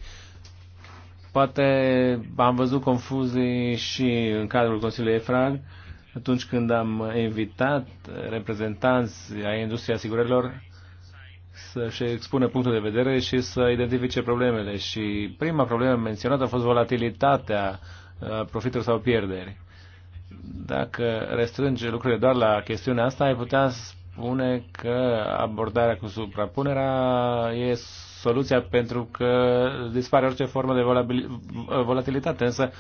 Poate am văzut confuzii și în cadrul Consiliului EFRAG, uh, atunci când am invitat reprezentanți ai industriei asigurărilor să-și expună punctul de vedere și să identifice problemele. Și prima problemă menționată a fost volatilitatea uh, profitelor sau pierderi. Dacă restrânge lucrurile doar la chestiunea asta, ai putea spune că abordarea cu suprapunerea e soluția pentru că dispare orice formă de uh, volatilitate. Însă,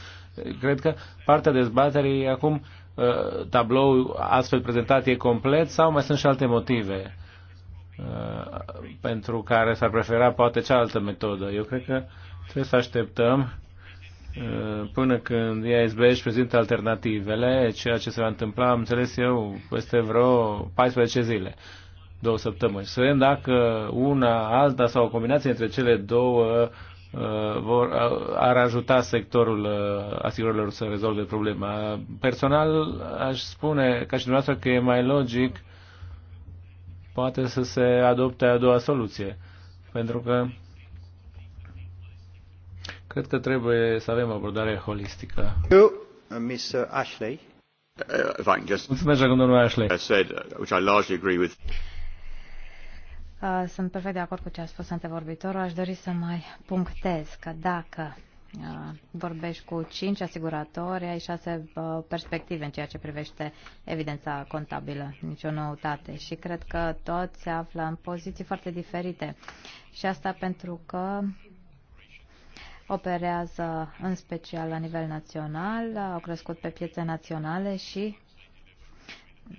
cred că partea dezbaterii acum uh, Uh, tablou astfel prezentat e complet sau mai sunt și alte motive uh, pentru care s-ar prefera poate cealaltă metodă. Eu cred că trebuie să așteptăm uh, până când ISB își prezintă alternativele, ceea ce se va întâmpla, am înțeles eu, peste vreo 14 zile, două săptămâni. Să vedem dacă una, alta sau o combinație între cele două Uh, vor, uh, ar ajuta sectorul uh, asigurărilor să rezolve problema. Personal, aș spune, ca și dumneavoastră, că e mai logic poate să se adopte a doua soluție. Pentru că cred că trebuie să avem o abordare holistică. Eu, Mr. Ashley. Mulțumesc, domnul Ashley. Uh, sunt perfect de acord cu ce a spus antevorbitorul. Aș dori să mai punctez că dacă uh, vorbești cu cinci asiguratori, ai șase uh, perspective în ceea ce privește evidența contabilă, nicio noutate și cred că toți se află în poziții foarte diferite și asta pentru că operează în special la nivel național, au crescut pe piețe naționale și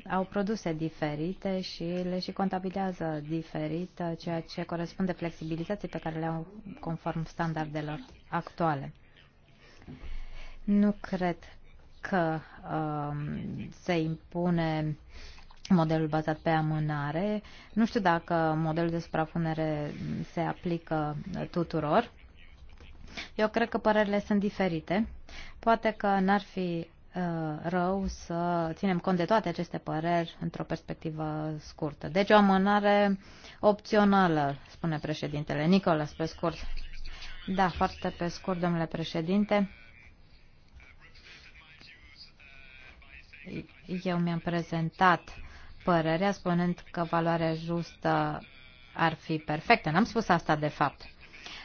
au produse diferite și le și contabilizează diferit, uh, ceea ce corespunde flexibilității pe care le au conform standardelor actuale. Nu cred că um, se impune modelul bazat pe amânare. Nu știu dacă modelul de suprapunere se aplică tuturor. Eu cred că părerile sunt diferite. Poate că n-ar fi Uh, rău să ținem cont de toate aceste păreri într-o perspectivă scurtă. Deci o amânare opțională, spune președintele. Nicolas, pe scurt. Da, foarte pe scurt, domnule președinte. Eu mi-am prezentat părerea spunând că valoarea justă ar fi perfectă. N-am spus asta de fapt.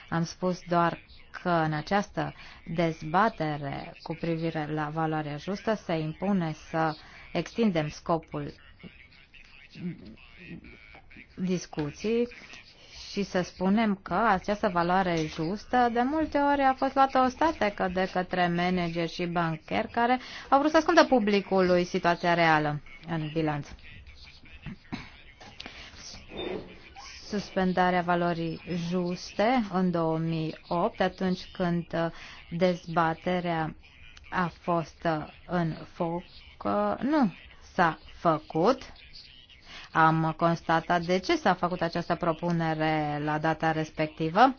Am spus doar că în această dezbatere cu privire la valoarea justă se impune să extindem scopul discuții și să spunem că această valoare justă de multe ori a fost luată statecă de către manageri și bancheri care au vrut să ascundă publicului situația reală în bilanț suspendarea valorii juste în 2008, atunci când uh, dezbaterea a fost uh, în foc, uh, nu s-a făcut. Am constatat de ce s-a făcut această propunere la data respectivă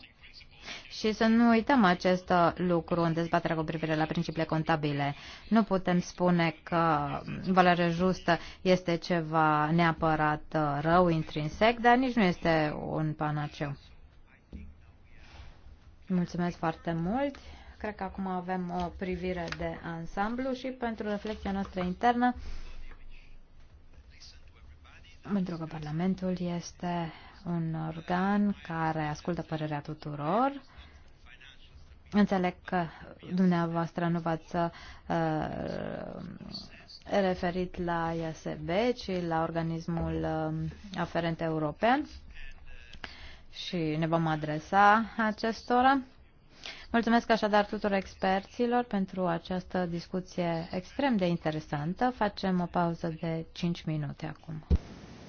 și să nu uităm acest lucru în dezbaterea cu privire la principiile contabile. Nu putem spune că valoarea justă este ceva neapărat uh, rău, intrinsec, dar nici nu este un panaceu. Mulțumesc foarte mult! Cred că acum avem o privire de ansamblu și pentru reflexia noastră internă, pentru că Parlamentul este un organ care ascultă părerea tuturor. Înțeleg că dumneavoastră nu v-ați uh, referit la ISB, ci la organismul uh, aferent european și ne vom adresa acestora. Mulțumesc așadar tuturor experților pentru această discuție extrem de interesantă. Facem o pauză de 5 minute acum.